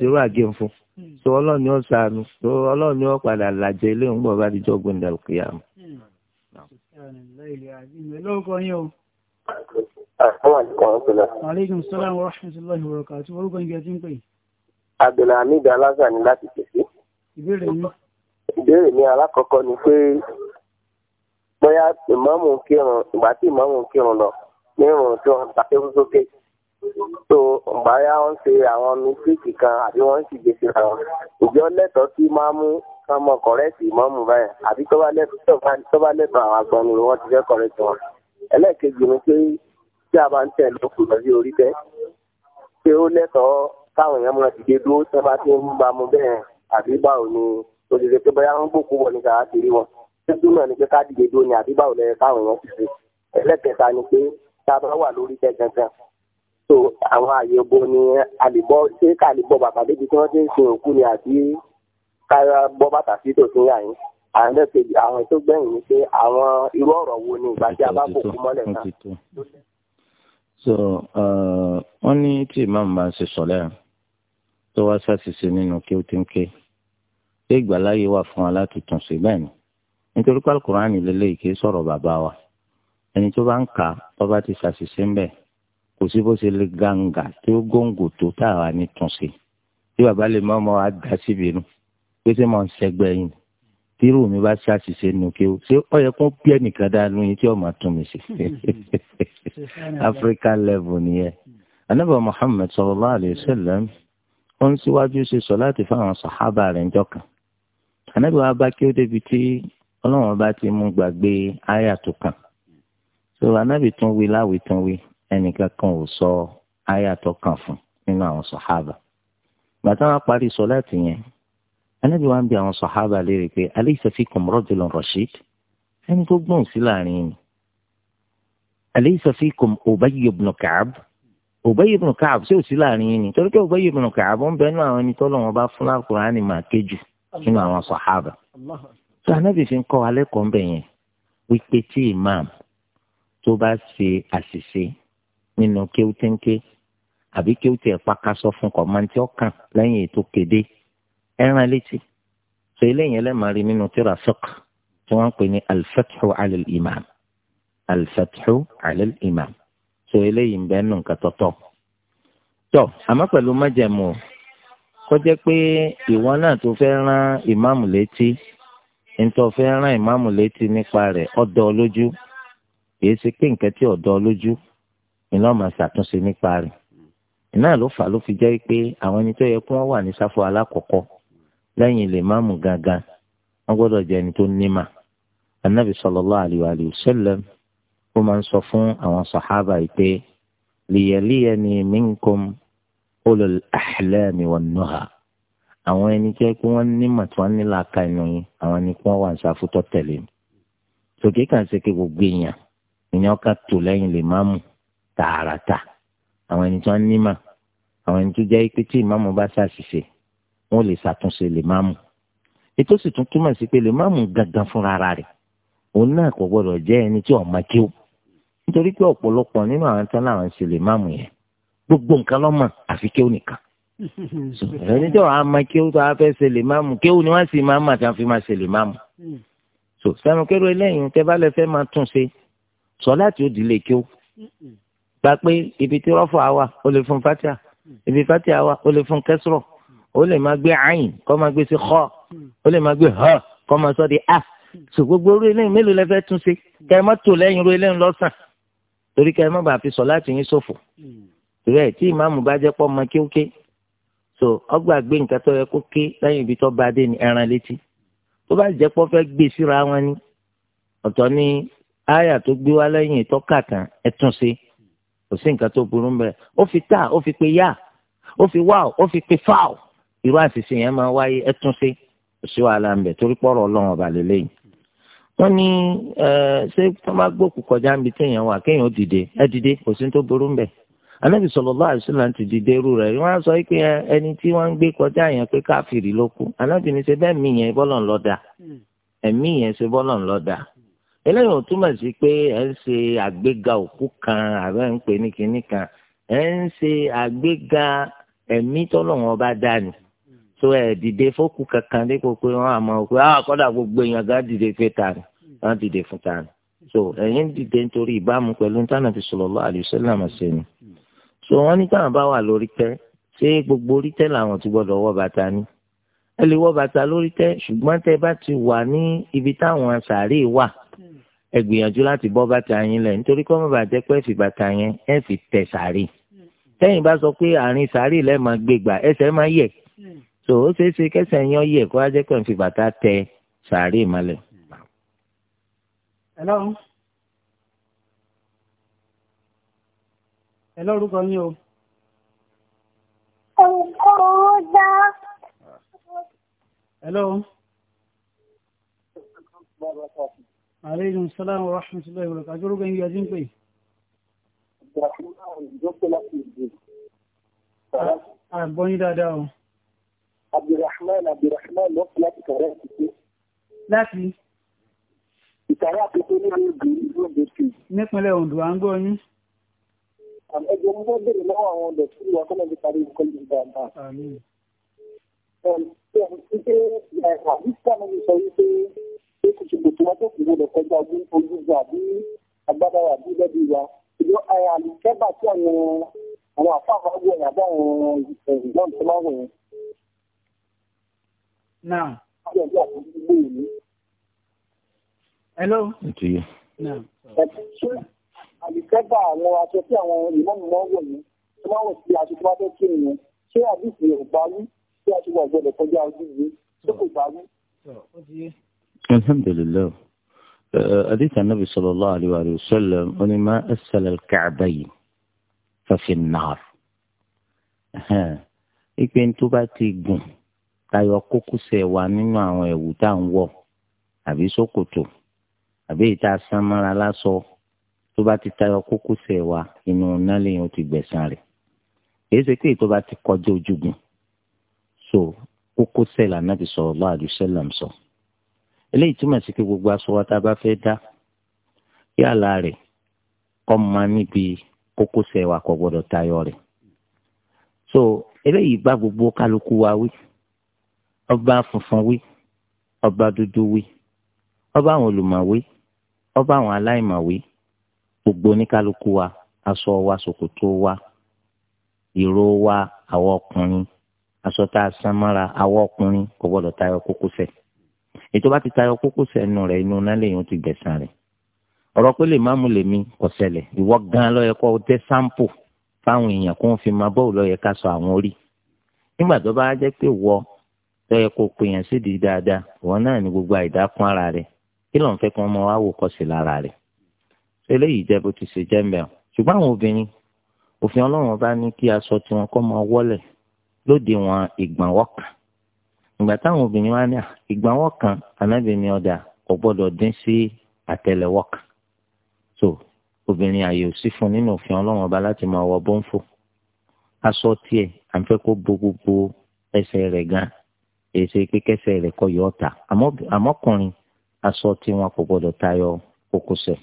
Aleykum salaam wa rahmatullahi wa barakatuh. Orúkọ ìgbà tí ń pè. Abdulhamid Alaza ni láti pèsè. Ìbéèrè mi. Ìbéèrè mi alákọ̀ọ́kọ́ ni pé bóyá ìmáàmù kírun ìgbà tí ìmáàmù kírun lọ ní ìrùn tí wọ́n ta ewu sókè. So bóyá wọ́n ṣe àwọn mísíkì kan àbí wọ́n sì gbé síra wọn. Ìjọ lẹ́tọ̀ọ́ sí máa mú kan mọ kọ̀rẹ́ẹ̀tì ìmáàmù báyẹn àbí tó bá lẹ́tọ̀ọ́ àwọn agbọ̀nù wọn ti fẹ́ kọ̀rẹ́ẹ̀tì wọn. Ẹlẹ́ẹ̀kejì ni pé tí a bá ń tẹ̀ lókùn lọ sí orí bẹ́ẹ̀ ṣé ó lẹ́tọ̀ọ́ káwọn èèyàn máa dìde dúró tí wọ́n bá ti ń bá mu bẹ́ẹ̀ àbí báwo ni o lè ṣe pé bóyá wọ́n gbòkú wọ̀ ní kàá kiri wọn ṣé túmọ̀ ni pé ká dìde dúró ni àbí báwo lẹ́yìn káwọn èèyàn ti ṣe ẹlẹ́kẹta ni pé tá a bá wà lórí tẹ gangan so àwọn àyè bo ni àlìbọ ṣé kàlìbọ bàbá débi tí wọ́n ti ń sin òkú ni àbí kára bọ́ bàtà sí tòsí yà yín àwọn tó gbẹ̀yìn ni pé àwọn irú ọ̀rọ̀ wo ni ìgbà tí a bá fòkú mọ́lẹ̀ kan so uh, wọ́n ní tí ìmáàmù bá ń ṣe sọ̀lẹ́ à tó wá ṣàṣìṣe nínú kí ó ti ń ké ṣé ìgbàláyé wà fún wa láti tún sí bẹ́ẹ̀ ni nítorí pé alukur'an lélẹ́yìí kì í sọ̀rọ̀ bàbá wa ẹni tó bá ń kà tó bá ti ṣàṣìṣe ń bẹ̀ kò sí bó ṣe lè gàǹgà tí ó góńgò tó tá a wà ní tún sí tí bàbá lè mọ́ ọmọ wa dá síbi inú pé ṣé mo ń ṣẹgbẹ́ yìí tírù mi bá ṣàṣìṣe nù kí ó ṣé ó yẹ kó bí ẹnìkan dá lóyún tí ọmọ [LAUGHS] Africa level nìyẹn anábà Muhammad sallallahu alayhi wa sallam ó ń síwájú ṣe sọ̀láàtì fáwọn sàhábà rẹ̀ ńjọ́ kan anábà wa bá kí ó débi tí ọlọ́run bá ti mú gbàgbé àyà tó kàn so anábì tún wí láwì tún wí ẹnìkan kan ò sọ àyà tó kàn fún nínú àwọn sàhábà bàtà wọn parí sọ̀láàtì yẹn anábì wa ń bi àwọn sàhábà léèrè pé alaysa fikum rajulun rashid ẹni tó gbọ́n sí láàrin yìí alaysa fikum Ubay ibn Ka'b Ubay ibn Ka'b ṣé ò sí láàrin yín ni torí pé Ubay ibn Ka'b ń bẹ nínú àwọn ẹni tó lọ́wọ́ bá fún Al-Qur'ani máa kéjù nínú àwọn sàhábà tó anábì fi ń kọ́ alẹ́ kọ́ ń bẹ̀ yẹn wípé tí imam tó bá ṣe àṣìṣe nínú kéwtéńké àbí kéwté ẹ̀ pakasọ fún kọ̀mọ́ntì ọ̀kan lẹ́yìn ètò kéde ẹran létí tó eléyìí ẹlẹ́màá alifatihu alil imam so eléyìí ń bẹ nù nǹkan tọ́tọ́ tọ́ àmọ́ pẹ̀lú májẹ̀mú kọjá pé ìwọ náà tó fẹ́ rán ìmáàmù létí ntọ́ fẹ́ rán ìmáàmù létí nípa rẹ̀ ọ̀dọ́ lójú kìí ṣe pé nǹkan tí ọ̀dọ́ lójú ni lọ́ọ́ máa ṣàtúnṣe nípa rẹ̀ iná ló fà ló fi jẹ́ pé àwọn ẹni tó yẹ kí wà ní sáfù alákọ̀ọ́kọ́ lẹ́yìn lè máàmù gangan wọ́n gbọ́dọ̀ jẹ́ ẹni tó nímà anabi sallallahu alaihi wa sallam ó máa ń sọ fún àwọn sàhábà yìí pé liyaliyani minkum ulul ahlami wan nuha àwọn ẹni jẹ́ pé wọ́n nímọ̀ tí wọ́n ní làákà inú yín àwọn ẹni pọ́n wà ń ṣàfùtọ́ tẹ̀lé mi. sòkè kàn ṣe kí gbogbo èèyàn ìyẹn ọkà tó lẹ́yìn lè má mú tààràtà àwọn ẹni tí wọ́n nímọ̀ àwọn ẹni tó jẹ́ pé tí ìmáàmù bá ṣàṣìṣe wọ́n lè ṣàtúnṣe lè má mú. ètò sì tún túmọ̀ sí pé lè má mú gangan fúnra rẹ̀ òun náà kò gbọdọ̀ jẹ́ ẹni tí ò mọ̀ kí nítorí pé ọ̀pọ̀lọpọ̀ nínú àwọn tán láwọn ṣe lè máàmù yẹn gbogbo nǹkan lọ́mọ àfi kéwù nìkan [LAUGHS] ẹni tí wàá máa kéwù tó a fẹ́ ṣe lè máàmù kéwù ni wọ́n sì máa mà tí wọ́n fi máa ṣe lè máàmù so sẹ́nu kéwù eléyìí tẹ́ bá lẹ fẹ́ máa tún ṣe sọ láti ó dìlé kéwù gba pé ibi tí rọ́fọ̀ àwa ó lè fún fatia ibi fatia àwa ó lè fún kẹsùrọ̀ ó lè máa gbé àyìn kó máa gbé sí kọ́ ó lè máa gbé hàn kó máa sọ di a so gbogbo orí eléyìí mélòó lẹ fẹ́ tún ṣe kẹ́ ẹ má tò lẹ́yìn orí eléyìí lọ́sàn-án torí ká ẹ má bàa fi sọ láti yín ṣòfò rẹ tí ìmáàmù bá jẹ́ pọ́ ọmọ kéwké so ọgbà gbé nǹkan tó yẹ kó ké lẹ́yìn ibi tó bá dé ní ẹran létí tó bá jẹ́ pọ́ fẹ́ gbé síra wọn ni ọ̀tọ̀ ni àyà tó gbé wá lẹ́yìn ìtọ́kà kan ẹ tún ṣe kò sí nǹkan tó burú mbẹ ó fi tà ó fi pe yá ó fi wá ó fi pe fáw irú àṣìṣe yẹn máa wáyé ẹ tún kò sí wàhálà mbẹ torí pọ̀rọ̀ ọlọ́run ọ̀bà lélẹ́yìn. wọ́n ní ṣé tó máa gbókù kọjá níbi téèyàn wà kéèyàn dìde ẹ dìde kò tó burú mbẹ anabi sallallahu alaihi wasallam ti dìde rẹ̀ wọ́n á sọ pé ẹni tí wọ́n ń gbé kọjá yẹn pé káfìrí ló kú anabi ní ṣe bẹ́ẹ̀ mí yẹn bọ́lọ̀ ń lọ yẹn ṣe bọ́lọ̀ ń eléyìí ò túmọ̀ sí pé ẹ ń ṣe àgbéga òkú so ẹ eh, dìde fókù kankan dípò pé wọn àmọ́ pé àwọn ah, àkọdà gbogbo èèyàn gá dìde pé ta ni wọn dìde fún ta ni so ẹ̀yin dìde nítorí ìbámu pẹ̀lú Ànábì sallallahu alaihi wasallam ni so wọn ní táwọn bá wà lórí tẹ ṣé gbogbo orí tẹ làwọn ti gbọ́dọ̀ wọ bàtà ni ẹ lè wọ bàtà lórí tẹ ṣùgbọ́n tẹ bá ti wà ní ibi táwọn sàárè wà ẹ gbìyànjú láti bọ́ bàtà yín lẹ̀ nítorí kọ́ mọ́ bàjẹ́ pé ẹ fi bàtà yẹn ẹ fi tẹ̀ sàárè tẹ́yìn bá sọ pé àárín sàárè lẹ́ẹ̀ máa gbégbà ẹsẹ̀ máa yẹ̀ so ó ṣeé ṣe kẹsàn yín ọyẹ kó wá jẹ pé n fi bàtà tẹ sàárè mọ́lẹ̀. hello hello orúkọ yín o. orúkọ owó dá. hello. aleykum salaam wa rahmatulahi wa barakatuh orúkọ yín yóò ti ń pè. àgbọ̀nyin dáadáa o abdulrahman abdulrahman ló fi láti kàrẹ́ àtúntò. láti. ìkàrẹ́ àtúntò nínú ìgbè ìlú òde tù. nípínlẹ̀ ondo à ń gbọ́ yín. ẹgbẹ́ mi fẹ́ béèrè lọ́wọ́ àwọn ọ̀dọ́ tí wọ́n kọ́nà ti parí nǹkan yìí dáadáa. ṣé àbíkà náà ń sọ wípé ó ti ṣe gbòtò wọn tó kù gbọdọ̀ kọjá ojúgbà àbí agbára àbí lẹ́bi wa ìjọ àlùkẹ́bà tí àwọn àwọn àfáàfáà wọ̀ yàgbọ́ àwọn ìgbọ́n tó máa wọ̀ yẹn. Naam. Hello. Ètò yẹ. Naam. Ṣé àwọn aṣọ tí àwọn ìmọ̀mọ́ wọ̀ ní tí wọ́n wọ̀ sí aṣọ tí wọ́n fẹ́ kí nìyẹn ṣé àdìsí ò bá wí tí aṣọ wà gbọdọ̀ kọjá ojú yìí ṣé kò bá wí. Alhamdulillah. حديث النبي صلى الله عليه وآله وسلم ما أسفل الكعبين ففي النار. ها. إيه tó bá ti gùn tayọ kókósẹ̀ wa nínú àwọn ẹ̀wù tá à ń wọ̀ àbí ṣòkòtò àbí ìta sánmọ́ra lásọ tó bá ti tayọ kókósẹ̀ wa inú náà lèyàn ti gbẹ̀san rẹ̀ èyí ṣe pé ìtọ́ bá ti kọjá ojúgun so kókósẹ̀ lànàbì sallallahu alaihi wasallam sọ eléyìí túmọ̀ sí pé gbogbo aṣọ wa tá a bá fẹ́ dá kí àlà kọ́ máa níbi kókósẹ̀ wa kò gbọ́dọ̀ tayọ rẹ̀ so eléyìí bá gbogbo kálukú wa wí ọba funfun wí ọba dúdú wí ọba àwọn olùmọ̀wé ọba àwọn aláìmọ̀wé gbogbo oníkálukú wa aṣọ wa ṣòkòtò wa ìró wa àwọn ọkùnrin aṣọ tá a san mọ́ra àwọn ọkùnrin kò gbọ́dọ̀ tayọ kókósẹ̀ ètò bá ti tayọ kókósẹ̀ inú rẹ̀ inú náà lèyìn ó ti gbẹ̀san rẹ̀ ọ̀rọ̀ pé lè máàmù lèmi kò ṣẹlẹ̀ ìwọ gan ló kó o tẹ́ sáǹpù fáwọn èèyàn kó o fi máa bọ́ọ̀lù ló ká sọ àwọn orí nígbà tó bá jẹ́ pé wọ́ọ́ tẹ́yẹ kó pè yàn sídìí dáadáa wọn náà ní gbogbo àìdákun ara rẹ̀ kí ló ń fẹ́ kí wọ́n mọ wá wò kọ́ sí lára rẹ̀ eléyìí jẹ́ bó ti ṣe jẹ́ mbẹ́ o ṣùgbọ́n àwọn obìnrin òfin ọlọ́run bá ní kí aṣọ tiwọn kọ́ máa wọ́lẹ̀ lóde wọn ìgbọ̀nwọ́ kan ìgbà táwọn obìnrin wá ní ìgbọ̀nwọ́ kan anábìnrin ọ̀dà kò gbọ́dọ̀ dín sí àtẹlẹwọ́ kan so obìnrin àyè ò sí fún nínú òfin ọlọ́run ọba láti máa wọ bọ́ńfò aṣọ tiẹ̀ à ń fẹ́ kó bo gbogbo ẹsẹ̀ rẹ̀ gan èsè kíkẹsẹ rẹ̀ kọ yọ ọta àmọkùnrin aṣọ tí wọn kò gbọ́dọ̀ tayọ kókósẹ̀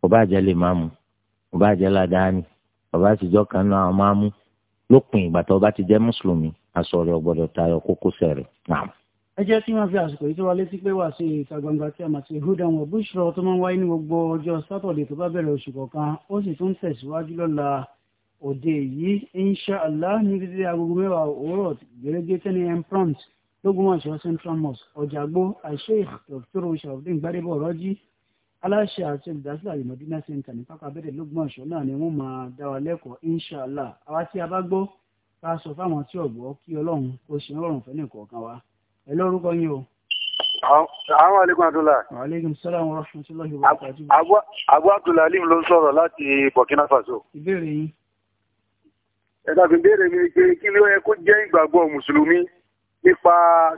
kò bá jẹ lè máa mú kò bá jẹ ládàáni kò bá tìjọ kan náà máa mú lópin ìgbà tó bá ti jẹ mùsùlùmí aṣọ rẹ̀ gbọ́dọ̀ tayọ kókósẹ̀ rẹ̀ náà. ẹ jẹ́ kí wọ́n fi àsìkò yìí tó wa létí pé wàá sí ìta gbangba tí a máa ṣe húdà wọn bó ṣùrọ̀ tó máa ń wáyé ní gbogbo ọjọ́ sátọ̀dẹ̀ tó bá bẹ̀rẹ̀ oṣù kọ̀ọ̀kan ó sì tún tẹ̀síwájú lọ́la òde yìí inṣàlá níbi tí agogo mẹ́wàá òwúrọ̀ gẹ́gẹ́ tẹ́ni m prompt lógúnmọ̀ṣọ́ central mosque ọ̀jàgbó alsheikh dr sharafdin gbadebo ọ̀rọ̀jì aláṣẹ àti olùdásílẹ̀ alimọ̀dínà center ní pápá abẹ́rẹ́ lógúnmọ̀ṣọ́ náà ni wọ́n máa dá wa lẹ́kọ̀ọ́ inshallah àwa tí a bá gbọ́ ká sọ fáwọn tí ò gbọ́ kí ọlọ́run kó ṣe rọrùn fẹ́ nìkọ̀ọ̀kan wa ẹ lórúkọ yín o. Àwọn àlékún àdúlà. Àlékún sálàmù rahmatullahi wa barakatuh. Àgbà Abdullah Alim ló ń sọ̀rọ̀ láti Burkina Faso. Ìbéèrè yín. Ẹ̀ka fi béèrè mi pé kí ló yẹ kó jẹ́ ìgbàgbọ́ Mùsùlùmí nípa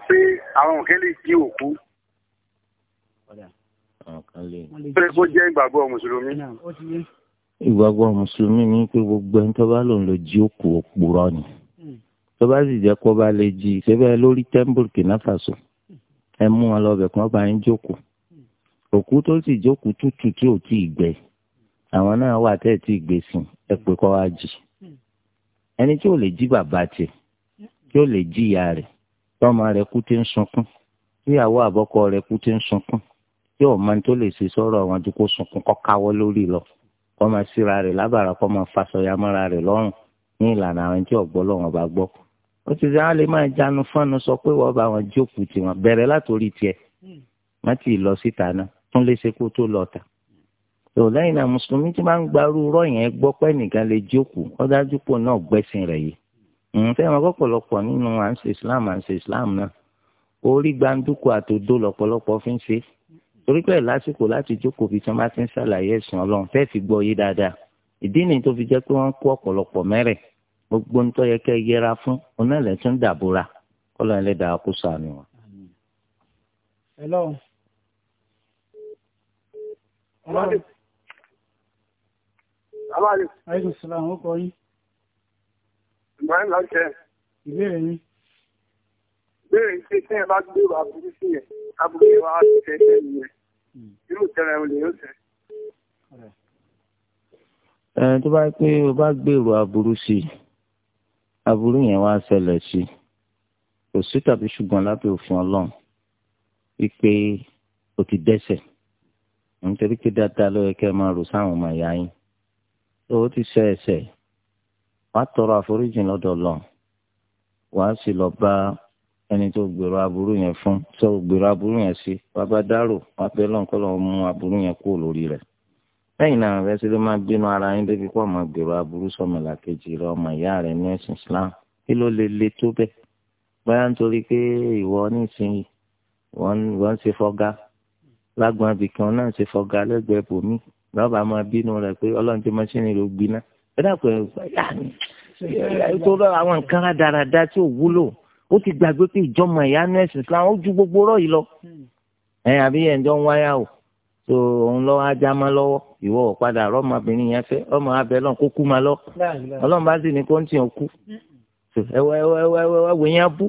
pé àwọn kan lè jí òkú. Bẹ́ẹ̀ kó jẹ́ ìgbàgbọ́ Mùsùlùmí. Ìgbàgbọ́ Mùsùlùmí ni pé gbogbo ẹni tó bá lòun ló jí òkú òpùrọ̀ ni. Hmm. Tó bá sì jẹ́ kó bá lè jí ìṣẹ́fẹ́ lórí tẹ́ḿbùlù kìnnáfàṣọ. Ẹ mú wọn lọ́bẹ̀ kí wọ́n bá yín jókòó. Òkú tó sì jókòó tútù tí ò tí ì gbẹ. Àwọn náà wà tẹ́ẹ̀ tí sìn ẹ pé kó wá jì. Hmm. Ẹni tí ò lè jí bàbá tiẹ̀ tí ò lè jí ìyá rẹ̀ tọ́mọ rẹ̀ kú tí ń sunkún tíyàwó àbọ́kọ rẹ̀ kú tí ń sunkún tí ò mọ tó lè ṣe sọ̀rọ̀ àwọn àdúgbò sunkún kọ́ káwọ́ lórí lọ kọ́ máa síra rẹ̀ lábàrá kọ́ máa fasọ̀yà mọ́ra rẹ̀ lọ́rùn ní ìlànà àwọn tí ọ̀gbọ́ lọ́wọ́n bá gbọ́ ó ti sẹ́ á lè máa jánu fánu sọ pé wọ́n bá wọn jókòó tiwọn bẹ̀rẹ̀ látòrí tiẹ̀ wọ́n ti lọ síta náà tún lè ṣe kó tó lọ tà tò lẹ́yìn náà mùsùlùmí ti máa ń gbarú rọ́ yẹn pẹ́ nìkan lè jókòó ó pò náà gbẹ́sìn rẹ̀ yìí fẹ́ràn mm, ọ̀pọ̀lọpọ̀ nínú à ń ṣe islam à ń ṣe islam náà orí gbàǹdùkú àtòdó lọ̀pọ̀lọpọ̀ fi ń ṣe torí pé lásìkò láti jókòó fi tí wọ́n bá ti ń ṣàlàyé ẹ̀sìn ọlọ́run fẹ́ẹ́ fi gbọ́ yé dáadáa ìdí nìyí tó fi jẹ́ pé wọ́n kó ọ̀pọ̀lọpọ̀ mẹ́rẹ̀ gbogbo ń tọ́yẹ kẹ́ yẹra fún onílẹ̀ tún dàbòrà kọ́lọ́ ilé dàá kó wọn. hello. hello. aleykum salaam ó kọ Ìgbọ́n lọ jẹ. Ìbéèrè yín. Ìbéèrè yín pé sẹ́yìn bá gbèrò aburú sí yẹn, aburú yẹn wá hmm. ṣe ẹ̀ṣẹ̀ nìyẹn. Yóò tẹ̀lé olè yóò tẹ̀. Ẹni tó bá pé o bá gbèrò aburú sí i, aburú yẹn wá ṣẹlẹ̀ sí i. Kò sí tàbí ṣùgbọ́n lábẹ́ òfin Ọlọ́run wípé o ti dẹ́ṣẹ̀. Nítorí pé dáadáa ló yẹ kẹ́ máa rò sáwọn ọmọ ìyá yín. Owó ti ṣe ẹ̀ṣẹ̀ yìí wàá tọrọ àforíjì lọ́dọ̀ Ọlọ́run wàá sì lọ bá ẹni tó gbèrò aburú yẹn fún tó gbèrò aburú yẹn sí wàá bá dárò wàá pẹ́ lọ́nkọ́lọ́ mú aburú yẹn kúrò lórí rẹ̀ lẹ́yìn náà rẹ̀ sí ló máa bínú ara yín débi pọ̀ mọ́ gbèrò aburú sọ̀mọ̀lá kejì rẹ̀ ọmọ ìyá rẹ̀ ní ẹ̀sìn Islam kí ló lè le tó bẹ́ẹ̀ báyà nítorí pé ìwọ nísìnyí wọ́n ń ṣe fọ́gá lágbọ́n abìkan náà ṣe fọ́gá lẹ́gbẹ̀ẹ́ bòmí lọ́ba máa bínú rẹ̀ pé ọlọ́run ti mọ́ṣínì ló gbiná ẹ dàpọ̀ ẹ tó rọ àwọn nǹkan rádaràda tí ò wúlò ó ti gbàgbé pé ìjọmọ ìyanu ẹ̀sìn Islam ó ju gbogbo rọ yìí lọ ẹ àbí ń jọ ń wáyà o tó òun lọ ajá má lọ́wọ́ ìwọ ọ̀padà ọmọbìnrin yẹn fẹ́ ọmọ abẹ náà kó kú ma lọ ọlọ́run bá sì ní kó ń tì ọ́ kú ẹwẹ yẹn bú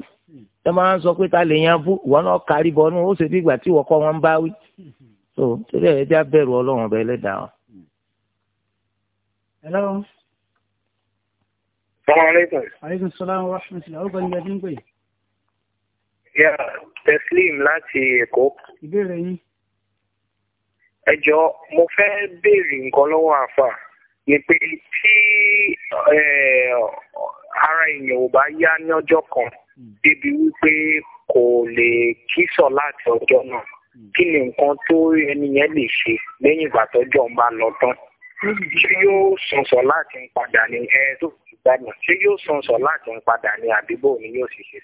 ẹ máa ń sọ pé ta lè yẹn bú ìwọ náà kárí bọnú ó ṣe bí ìgbà tí ìwọ wọn ń bá wí tó torí ẹ̀ ẹ́ já bẹ̀rù ọlọ́run ọba ẹlẹ́dàá. Aleykum salaam wa rahmatullahi ọgbọ̀n ilẹ̀ tí ń pè. Yà Teslim láti Èkó. Ìbéèrè yín. Ẹ jọ, mo fẹ́ béèrè nǹkan lọ́wọ́ àfà ni pé tí ara èèyàn ò bá yá ní ọjọ́ kan hmm. débi wípé kò lè kíṣọ láti ọjọ́ náà hmm. kí ni nǹkan tó ẹni yẹn lè ṣe lẹ́yìn ìgbà tọ́jọ́ ń bá lọ tán ṣé yóò sọ̀sọ̀ láti ń padà ní ẹ tó fi gbàgbọ́n ṣé yóò sọ̀sọ̀ láti ń padà ní àdúgbò ni yóò sì ṣe.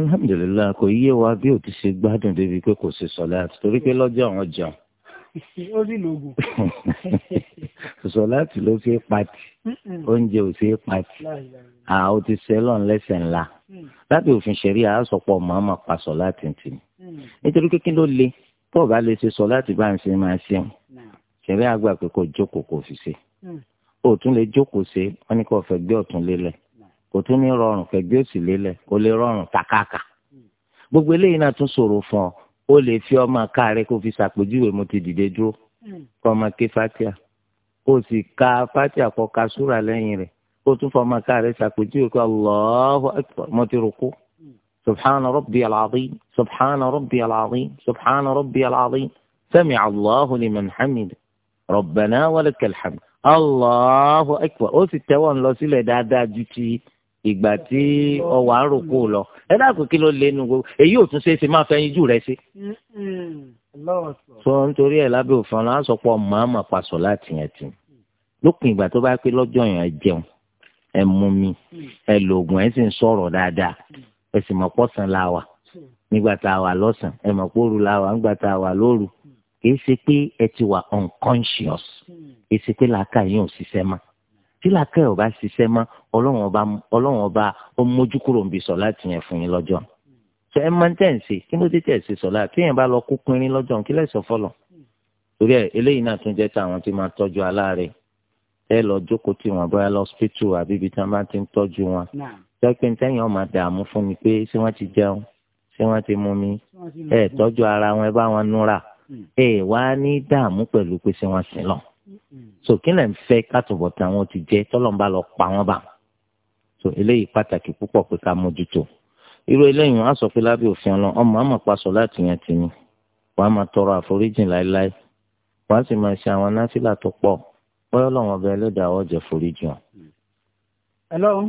alhamdulillah kò yé wa bí o ti ṣe gbádùn débi pé kò ṣe sọ̀láàtì torí pé lọ́jọ́ àwọn jẹun. ó sì lóògùn. [LAUGHS] sọ̀láàtì ló ṣe é pati oúnjẹ ò ṣe é pati àá o ti ṣe lọ́n lẹ́sẹ̀ ńlá mm. láti òfin ṣẹ̀rí àásọ̀pọ̀ màmá pa sọ̀láàtì tì ní. Mm. nítorí kékin ló le tó o bá lè ṣe sọ̀láàtì bá ń ṣe máa ṣeun ṣẹ̀rí àgbà pé kò jókòó kò fi ṣe hmm. ó tún lè jókòó ṣe wọ́n ní kò fẹ́ gbé ọ̀tún lélẹ̀ hmm. kò tún ní rọrùn fẹ́ gbé òsì lélẹ̀ kò lè rọrùn takáàkà hmm. gbogbo eléyìí náà tún ṣòro fún ọ ó lè fi ọmọ káàárẹ̀ kó fi ṣàpèjúwe mo ti dìde dúró kọ́ ọmọ ké fatia kó sì ka fatia kọ́ ka súra lẹ́yìn rẹ̀ kó tún fọmọ káàárẹ̀ ṣàpèjúwe kó Allahu mo ti rúkú subhana rabbi al subhana rabbi al subhana rabbi al-azim Allahu liman Rabbana náà! hamd Allahu akbar ó sì tẹ́wọ́ ń lọ sílẹ̀ dáadáa ju ti ìgbà tí ọwọ́ àròkọ lọ ẹ dákun kí ló lé nu gbogbo èyí ò tún ṣe é ṣe máa fẹ́yìn jù rẹ sí. sọ nítorí ẹ lábẹ́ òfin ọ̀la màmá paṣọ láti tì lópin ìgbà bá pé jẹun ẹ mú mi ẹ ẹ sì ń sọ̀rọ̀ dáadáa mm. a wà ẹ kìí ṣe pé ẹ ti wà unconscious kìí ṣe pé làákà yín ò ṣiṣẹ́ mọ́ tí làákà yín ò bá ṣiṣẹ́ mọ́ ọlọ́run ọba ọlọ́run ọba ó mójú kúrò ń bi sọ láti yẹn fún yín lọ́jọ́ sọ ẹ máa ń tẹ̀ ń ṣe kí ló dé tẹ̀ ṣe sọ láti yẹn bá lọ kú pinrin lọ́jọ́ kí lẹ́sọ̀ fọlọ̀ torí ẹ eléyìí náà tún jẹ́ táwọn tí máa tọ́jú aláàárẹ̀ ẹ lọ jókòó tí wọn bóyá lọ́spítù àbí ibi tí wọ́n bá ti ń tọ́jú wọn jẹ́pẹ́ tẹ́yìn ọmọ dààmú fún mi pé ṣé wọ́n ti jẹun ṣé wọ́n ti mú mi ẹ tọ́jú ara wọn ẹ bá wọn núra ẹ wá ní dààmú pẹ̀lú pé ṣé wọ́n sin lọ. so kí lẹ̀ ń fẹ́ kátùbọ̀ táwọn ti jẹ́ tọ́lọ́mbà lọ pa wọ́n bà wọ́n. so eléyìí pàtàkì púpọ̀ pé ká mójútó. irú eléyìí wọn á sọ pé lábẹ́ òfin ọlọ́run ọmọ àmọ̀ paṣọ láti yẹn ti ní wàá máa tọrọ àforíjìn láéláé wàá sì máa ṣe àwọn náfìlà tó pọ̀ bọ́yọ́ lọ́wọ́n ọba ẹlẹ́dàá ọ̀jẹ̀ foríjìn. ẹ lọ́run.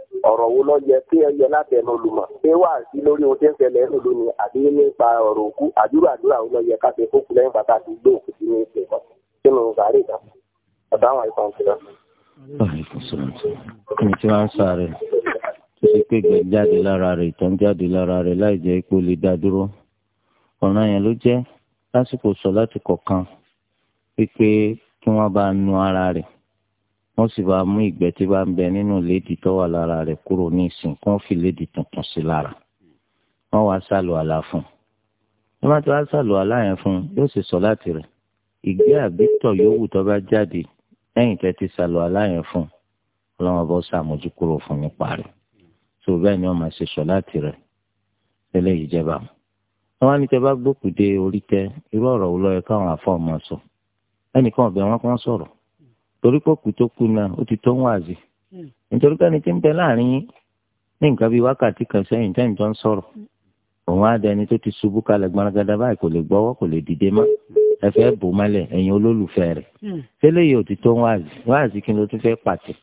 ọ̀rọ̀ wo ló yẹ kí ẹ yẹ láti ẹnu olùmọ̀ ṣé wà sí lórí ohun tí ń ṣẹlẹ̀ ẹnu lónìí àbí nípa ọ̀rọ̀ òkú àdúrà àdúrà wo ló yẹ ká ṣe fókù lẹ́yìn bàtà àti gbé òkú sínú ìṣe kan sínú sàárè kan ọ̀dọ̀ àwọn àìsàn ti rẹ̀. ẹni tí wọ́n ń sáré tó ṣe pé gbẹ jáde lára rẹ̀ ìtàn jáde lára rẹ̀ láì jẹ́ ipò lè dá dúró ọ̀ràn yẹn ló jẹ́ lásìkò sọ láti kọ̀ọ̀kan pé pé kí wọ́n bá nu ara rẹ̀ wọ́n sì bá mú ìgbẹ́ tí bá ń bẹ nínú léèdì tó wà lára rẹ̀ kúrò ní ìsìn kí wọ́n fi léèdì tuntun sí lára wọ́n wá sálò àlá fún un wọ́n bá ti wá sálò àlá yẹn fún un yóò sì sọ láti rẹ̀ ìgbẹ́ àbítọ̀ yòówù tó bá jáde lẹ́yìn tẹ́ ti sálò àlá yẹn fún un ọlọ́wọ́n bọ́ sàmójú kúrò fún nípa rẹ̀ tó bẹ́ẹ̀ ni wọ́n máa ṣe sọ láti rẹ̀ tẹ́lẹ̀ yìí jẹba wọn wá torí pọ̀ kù tó kù náà ó ti tó ń wàzì hmm. nítorí pé ẹni tí ń bẹ láàrin yín ní nǹkan bíi wákàtí kan sẹ́yìn tẹ́yìn tó ń sọ̀rọ̀ hmm. òun á dẹni tó ti ṣubú kalẹ̀ gbanagada báyìí kò lè gbọ́wọ́ kò lè dìde mọ́ ẹ fẹ́ bò mọ́lẹ̀ ẹ̀yin olólùfẹ́ rẹ̀ tẹ́lẹ̀ hmm. yìí ò ti tó ń wàzì wàzì kí ló tún fẹ́ pàtì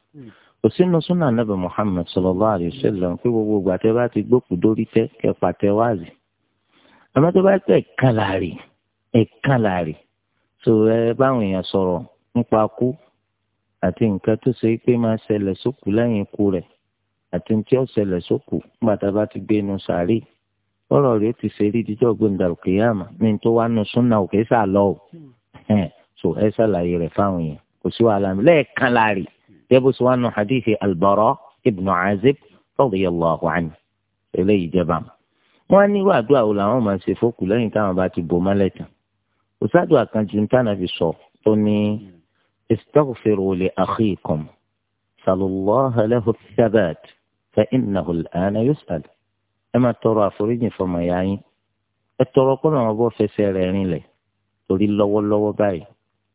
òsínú súnà nàbẹ Muhammad sallallahu alaihi wasallam pé gbogbo ìgbà tẹ́ bá ti gbókù dórí tẹ kẹ pàtẹ wàzì àmọ́ tó bá tẹ ẹ̀kan láàrin ẹ̀kan láàrin so ẹ báwọn èèyàn sọ̀rọ̀ nípa kú àti nǹkan tó ṣe pé máa ṣẹlẹ̀ sókù lẹ́yìn ikú rẹ̀ àti tí ó ṣẹlẹ̀ sókù gbàtà bá ti gbé inú sàárè ọ̀rọ̀ rẹ̀ ti ṣe rí díjọ́ gbẹ̀ndà òkè yàmà ní tó wá nu súnà òkè sà lọ o so ẹ ṣàlàyé rẹ̀ fáwọn yẹn kò sí wàhálà mi lẹ́ẹ̀kan láàrin jẹ́bù sí wàánu hadithi albara ibn azib radiyallahu anhu eléyìí jẹba wọn ní irú àdúrà làwọn استغفروا لأخيكم سلوا الله له الثبات فإنه الآن يسأل أما ترى فريج فما يعني الترى كل ما بو في سيرين لي تري لو لو باي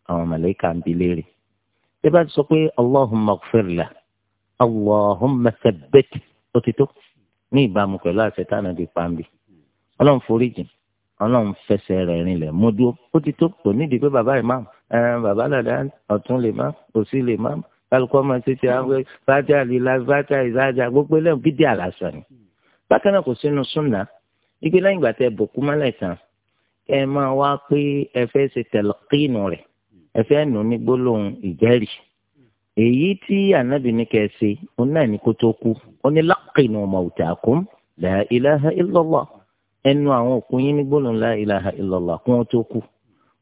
أو ملائكة بليري تبعد سقي اللهم اغفر له اللهم ثبت وتتو ní ìbámu pẹ̀lú àṣetánà di pàmbì ọlọ́run foríjì ọlọ́run fẹsẹ̀ rẹ̀ rinlẹ̀ mú dúró ó ti tó kò nídìí pé bàbá ìmá bàbá dàda ọ̀tún lè má òsì lè má kálukọ́ máa ṣe ti àwọn bàtà líla bàtà ìzájà gbogbo ẹlẹ́yìn bídí àlàsà ni. bákan náà kò sínú súnà ibi lẹ́yìn ìgbà tẹ bòkú mọ́lẹ̀ tán ẹ máa wá pé ẹ fẹ́ ṣe tẹ̀lọ́kìnù rẹ̀ ẹ fẹ́ nù ní gbólóhùn ìjẹ́rìí èyí tí ànábì ní kẹ́ ṣe òun náà ní kó tó ó ní lákìnù mọ̀ọ́tàkùn la ilaha illallah ẹnu àwọn òkú yín ní gbólóhùn la ilaha illallah kún ó tó kú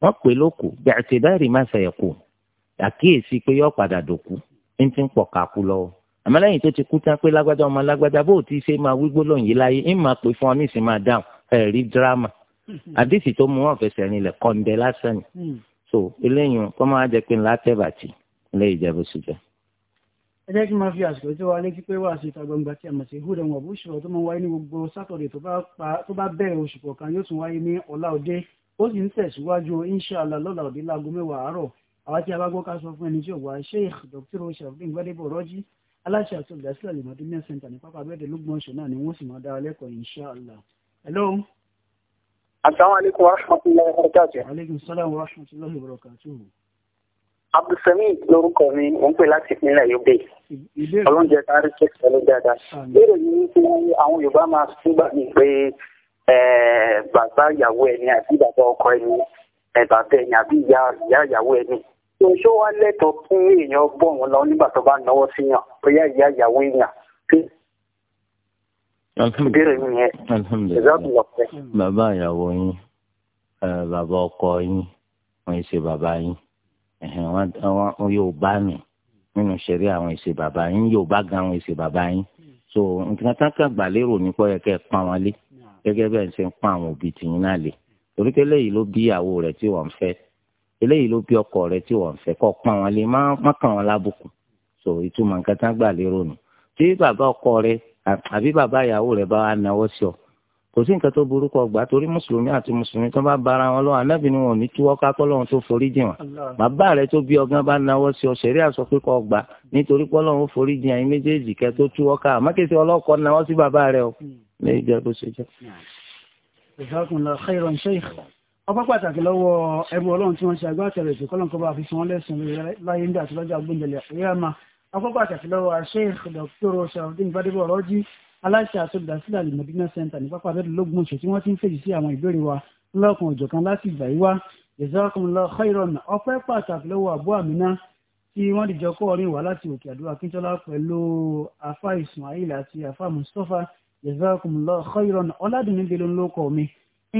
wọ́n pè lókù bí àtibáàrí má ṣe ẹ̀kú àkíyèsí pé yọ padà dòkú ní ti ń pọ̀ káku lọ́wọ́ àmọ́ lẹ́yìn tó ti kú tán pé lágbájá ọmọ lágbájá bó ti ṣe máa wí gbólóhùn yìí láyé ń máa pè fún ọ nísìnyí máa dáhùn ẹ̀rí dírámà hmm. àdìsí tó mú wọn fẹsẹ̀ rinlẹ̀ kọ́ńdẹ́ lásán ni hmm. so eléyìí kọ́ máa jẹ́ pé ńlá tẹ́ bàtì lẹ́yìn ìjẹ́bù síjọ́ ẹ jẹ́ kí n máa fi àsìkò tí wàá létí pé wàá sí ìta gbangba tí a mọ̀ sí húdà wọn àbúṣe ọ̀rọ̀ tó máa wáyé ní gbogbo sátọ̀dẹ̀ tó bá bẹ̀rẹ̀ oṣù kọ̀ọ̀kan yóò tún wáyé ní ọ̀la òde ó sì ń tẹ̀síwájú inshàlá lọ́la òde láago mẹ́wàá àárọ̀ àwa tí a bá gbọ́ ká sọ fún ẹni tí ò wá sheikh dr sharafdin gbadebo rọ́jí aláṣẹ àti olùdásílẹ̀ alimọ̀dúnmíà center ní pápá abẹ́ẹ̀dẹ̀ lógún ọ̀ṣọ́ náà ni wọ́n sì máa dára lẹ́kọ̀ọ́ inshàlá. hello. asalaamualeykum wa rahmatulahi wa barakatuh. aleykum salaam wa rahmatulahi wa barakatuh abdulsami lórúkọ mi ò ń pè láti ìpínlẹ̀ Yobe ọlọ́njẹ kárí church pẹ̀lú dáadáa lérò ní wípé àwọn Yorùbá máa túbà ní pé bàbá ìyàwó ẹni àti bàbá ọkọ ẹni bàbá ẹni àbí ìyá ìyàwó ẹni ṣó wá lẹ́tọ̀ọ́ kí èèyàn bọ̀ wọn lọ nígbà tó bá náwó síyàn bóyá ìyá ìyàwó èèyàn ìbéèrè mi yẹn alhamdulilayi bàbá ìyàwó yín bàbá ọkọ yín wọn ṣe bàbá yín wọn yóò bá mi nínú ṣẹ̀rí àwọn ìṣe bàbá yín yóò bá gan àwọn ìṣe bàbá yín so nǹkan tá kàn gbà lérò nípa ẹ̀ kẹ́ ẹ̀ pọ́n wọn lé gẹ́gẹ́ bẹ́ẹ̀ ṣe ń pọ́n àwọn òbí tìyín náà lé torí pé eléyìí ló bí ìyàwó rẹ̀ tí wọ́n ń eléyìí ló bí ọkọ rẹ̀ tí wọ́n ń fẹ́ kọ́ wọn lé má kàn wọn lábùkù so ìtumọ̀ nǹkan tá gbà lérò nù tí bàbá ọkọ rẹ̀ àbí bàbá ìyàwó rẹ̀ bá wà náwó sí ọ kò sí nǹkan tó burúkú ọgbà torí mùsùlùmí àti mùsùlùmí tó bá bára wọn lọ ànábì ni wọn ò ní túwọ́ kápọ́ lọ́wọ́ tó forí jìn wọn bàbá rẹ tó bí ọgán bá náwó sí ọ sẹ̀rí àsọ pé kọ́ ọgbà nítorí pọ́ lọ́wọ́ forí jìn àyín méjèèjì kẹ́ tó túwọ́ ká àmọ́kẹ́sì ọlọ́kọ náwó sí bàbá rẹ o hmm. lè jẹ́ bó ṣe jẹ́. ọpá pàtàkì lọ́wọ́ ẹrú ọlọ́run tí wọ́n ṣe agbátẹrẹ ìṣèkọ́lọ́nkọ́ bá fi sanwó lẹ́sùn láyé ń dà àtúlọ́jà gbọ́njẹ̀lẹ̀ àríyá máa ọpá aláṣẹ àtolùdásílẹ̀ alimọ̀dínà center ní pápá abẹ́rẹ́ lógún ọ̀sẹ̀ tí wọ́n ti ń fèjì sí àwọn ìbéèrè wa lọ́kàn òjọ̀kan láti ìgbà yìí wá jazakumullahu khairan ọpẹ́ pàtàkì lọ́wọ́ àbú àmínà tí wọ́n dìjọ kọ́ orin wá láti òkè àdó akíntola pẹ̀lú afa ìsùn àyílà àti afa mustapha jazakumullahu khairan ọ̀làdùnní délé ńlọ́kọ̀ mi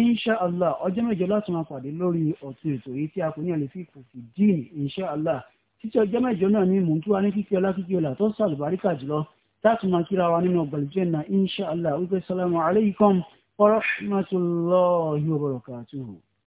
inṣàlá ọjọ́ mẹ́jọ láti máa pàdé lórí ọ̀tún ètò yìí tí a kò ní àlè fífò fìdí inṣàlá títí ọjọ́ mẹ́jọ náà ni mò ń tú wa ní kíkí ọlá kíkí ọlá tó sàlùbáríkà jùlọ láti máa kíra wa nínú ọgbàlùjẹ́ náà inṣàlá wípé sálámù aláìkọ́m wa rahmatullahi wa barakatuhu.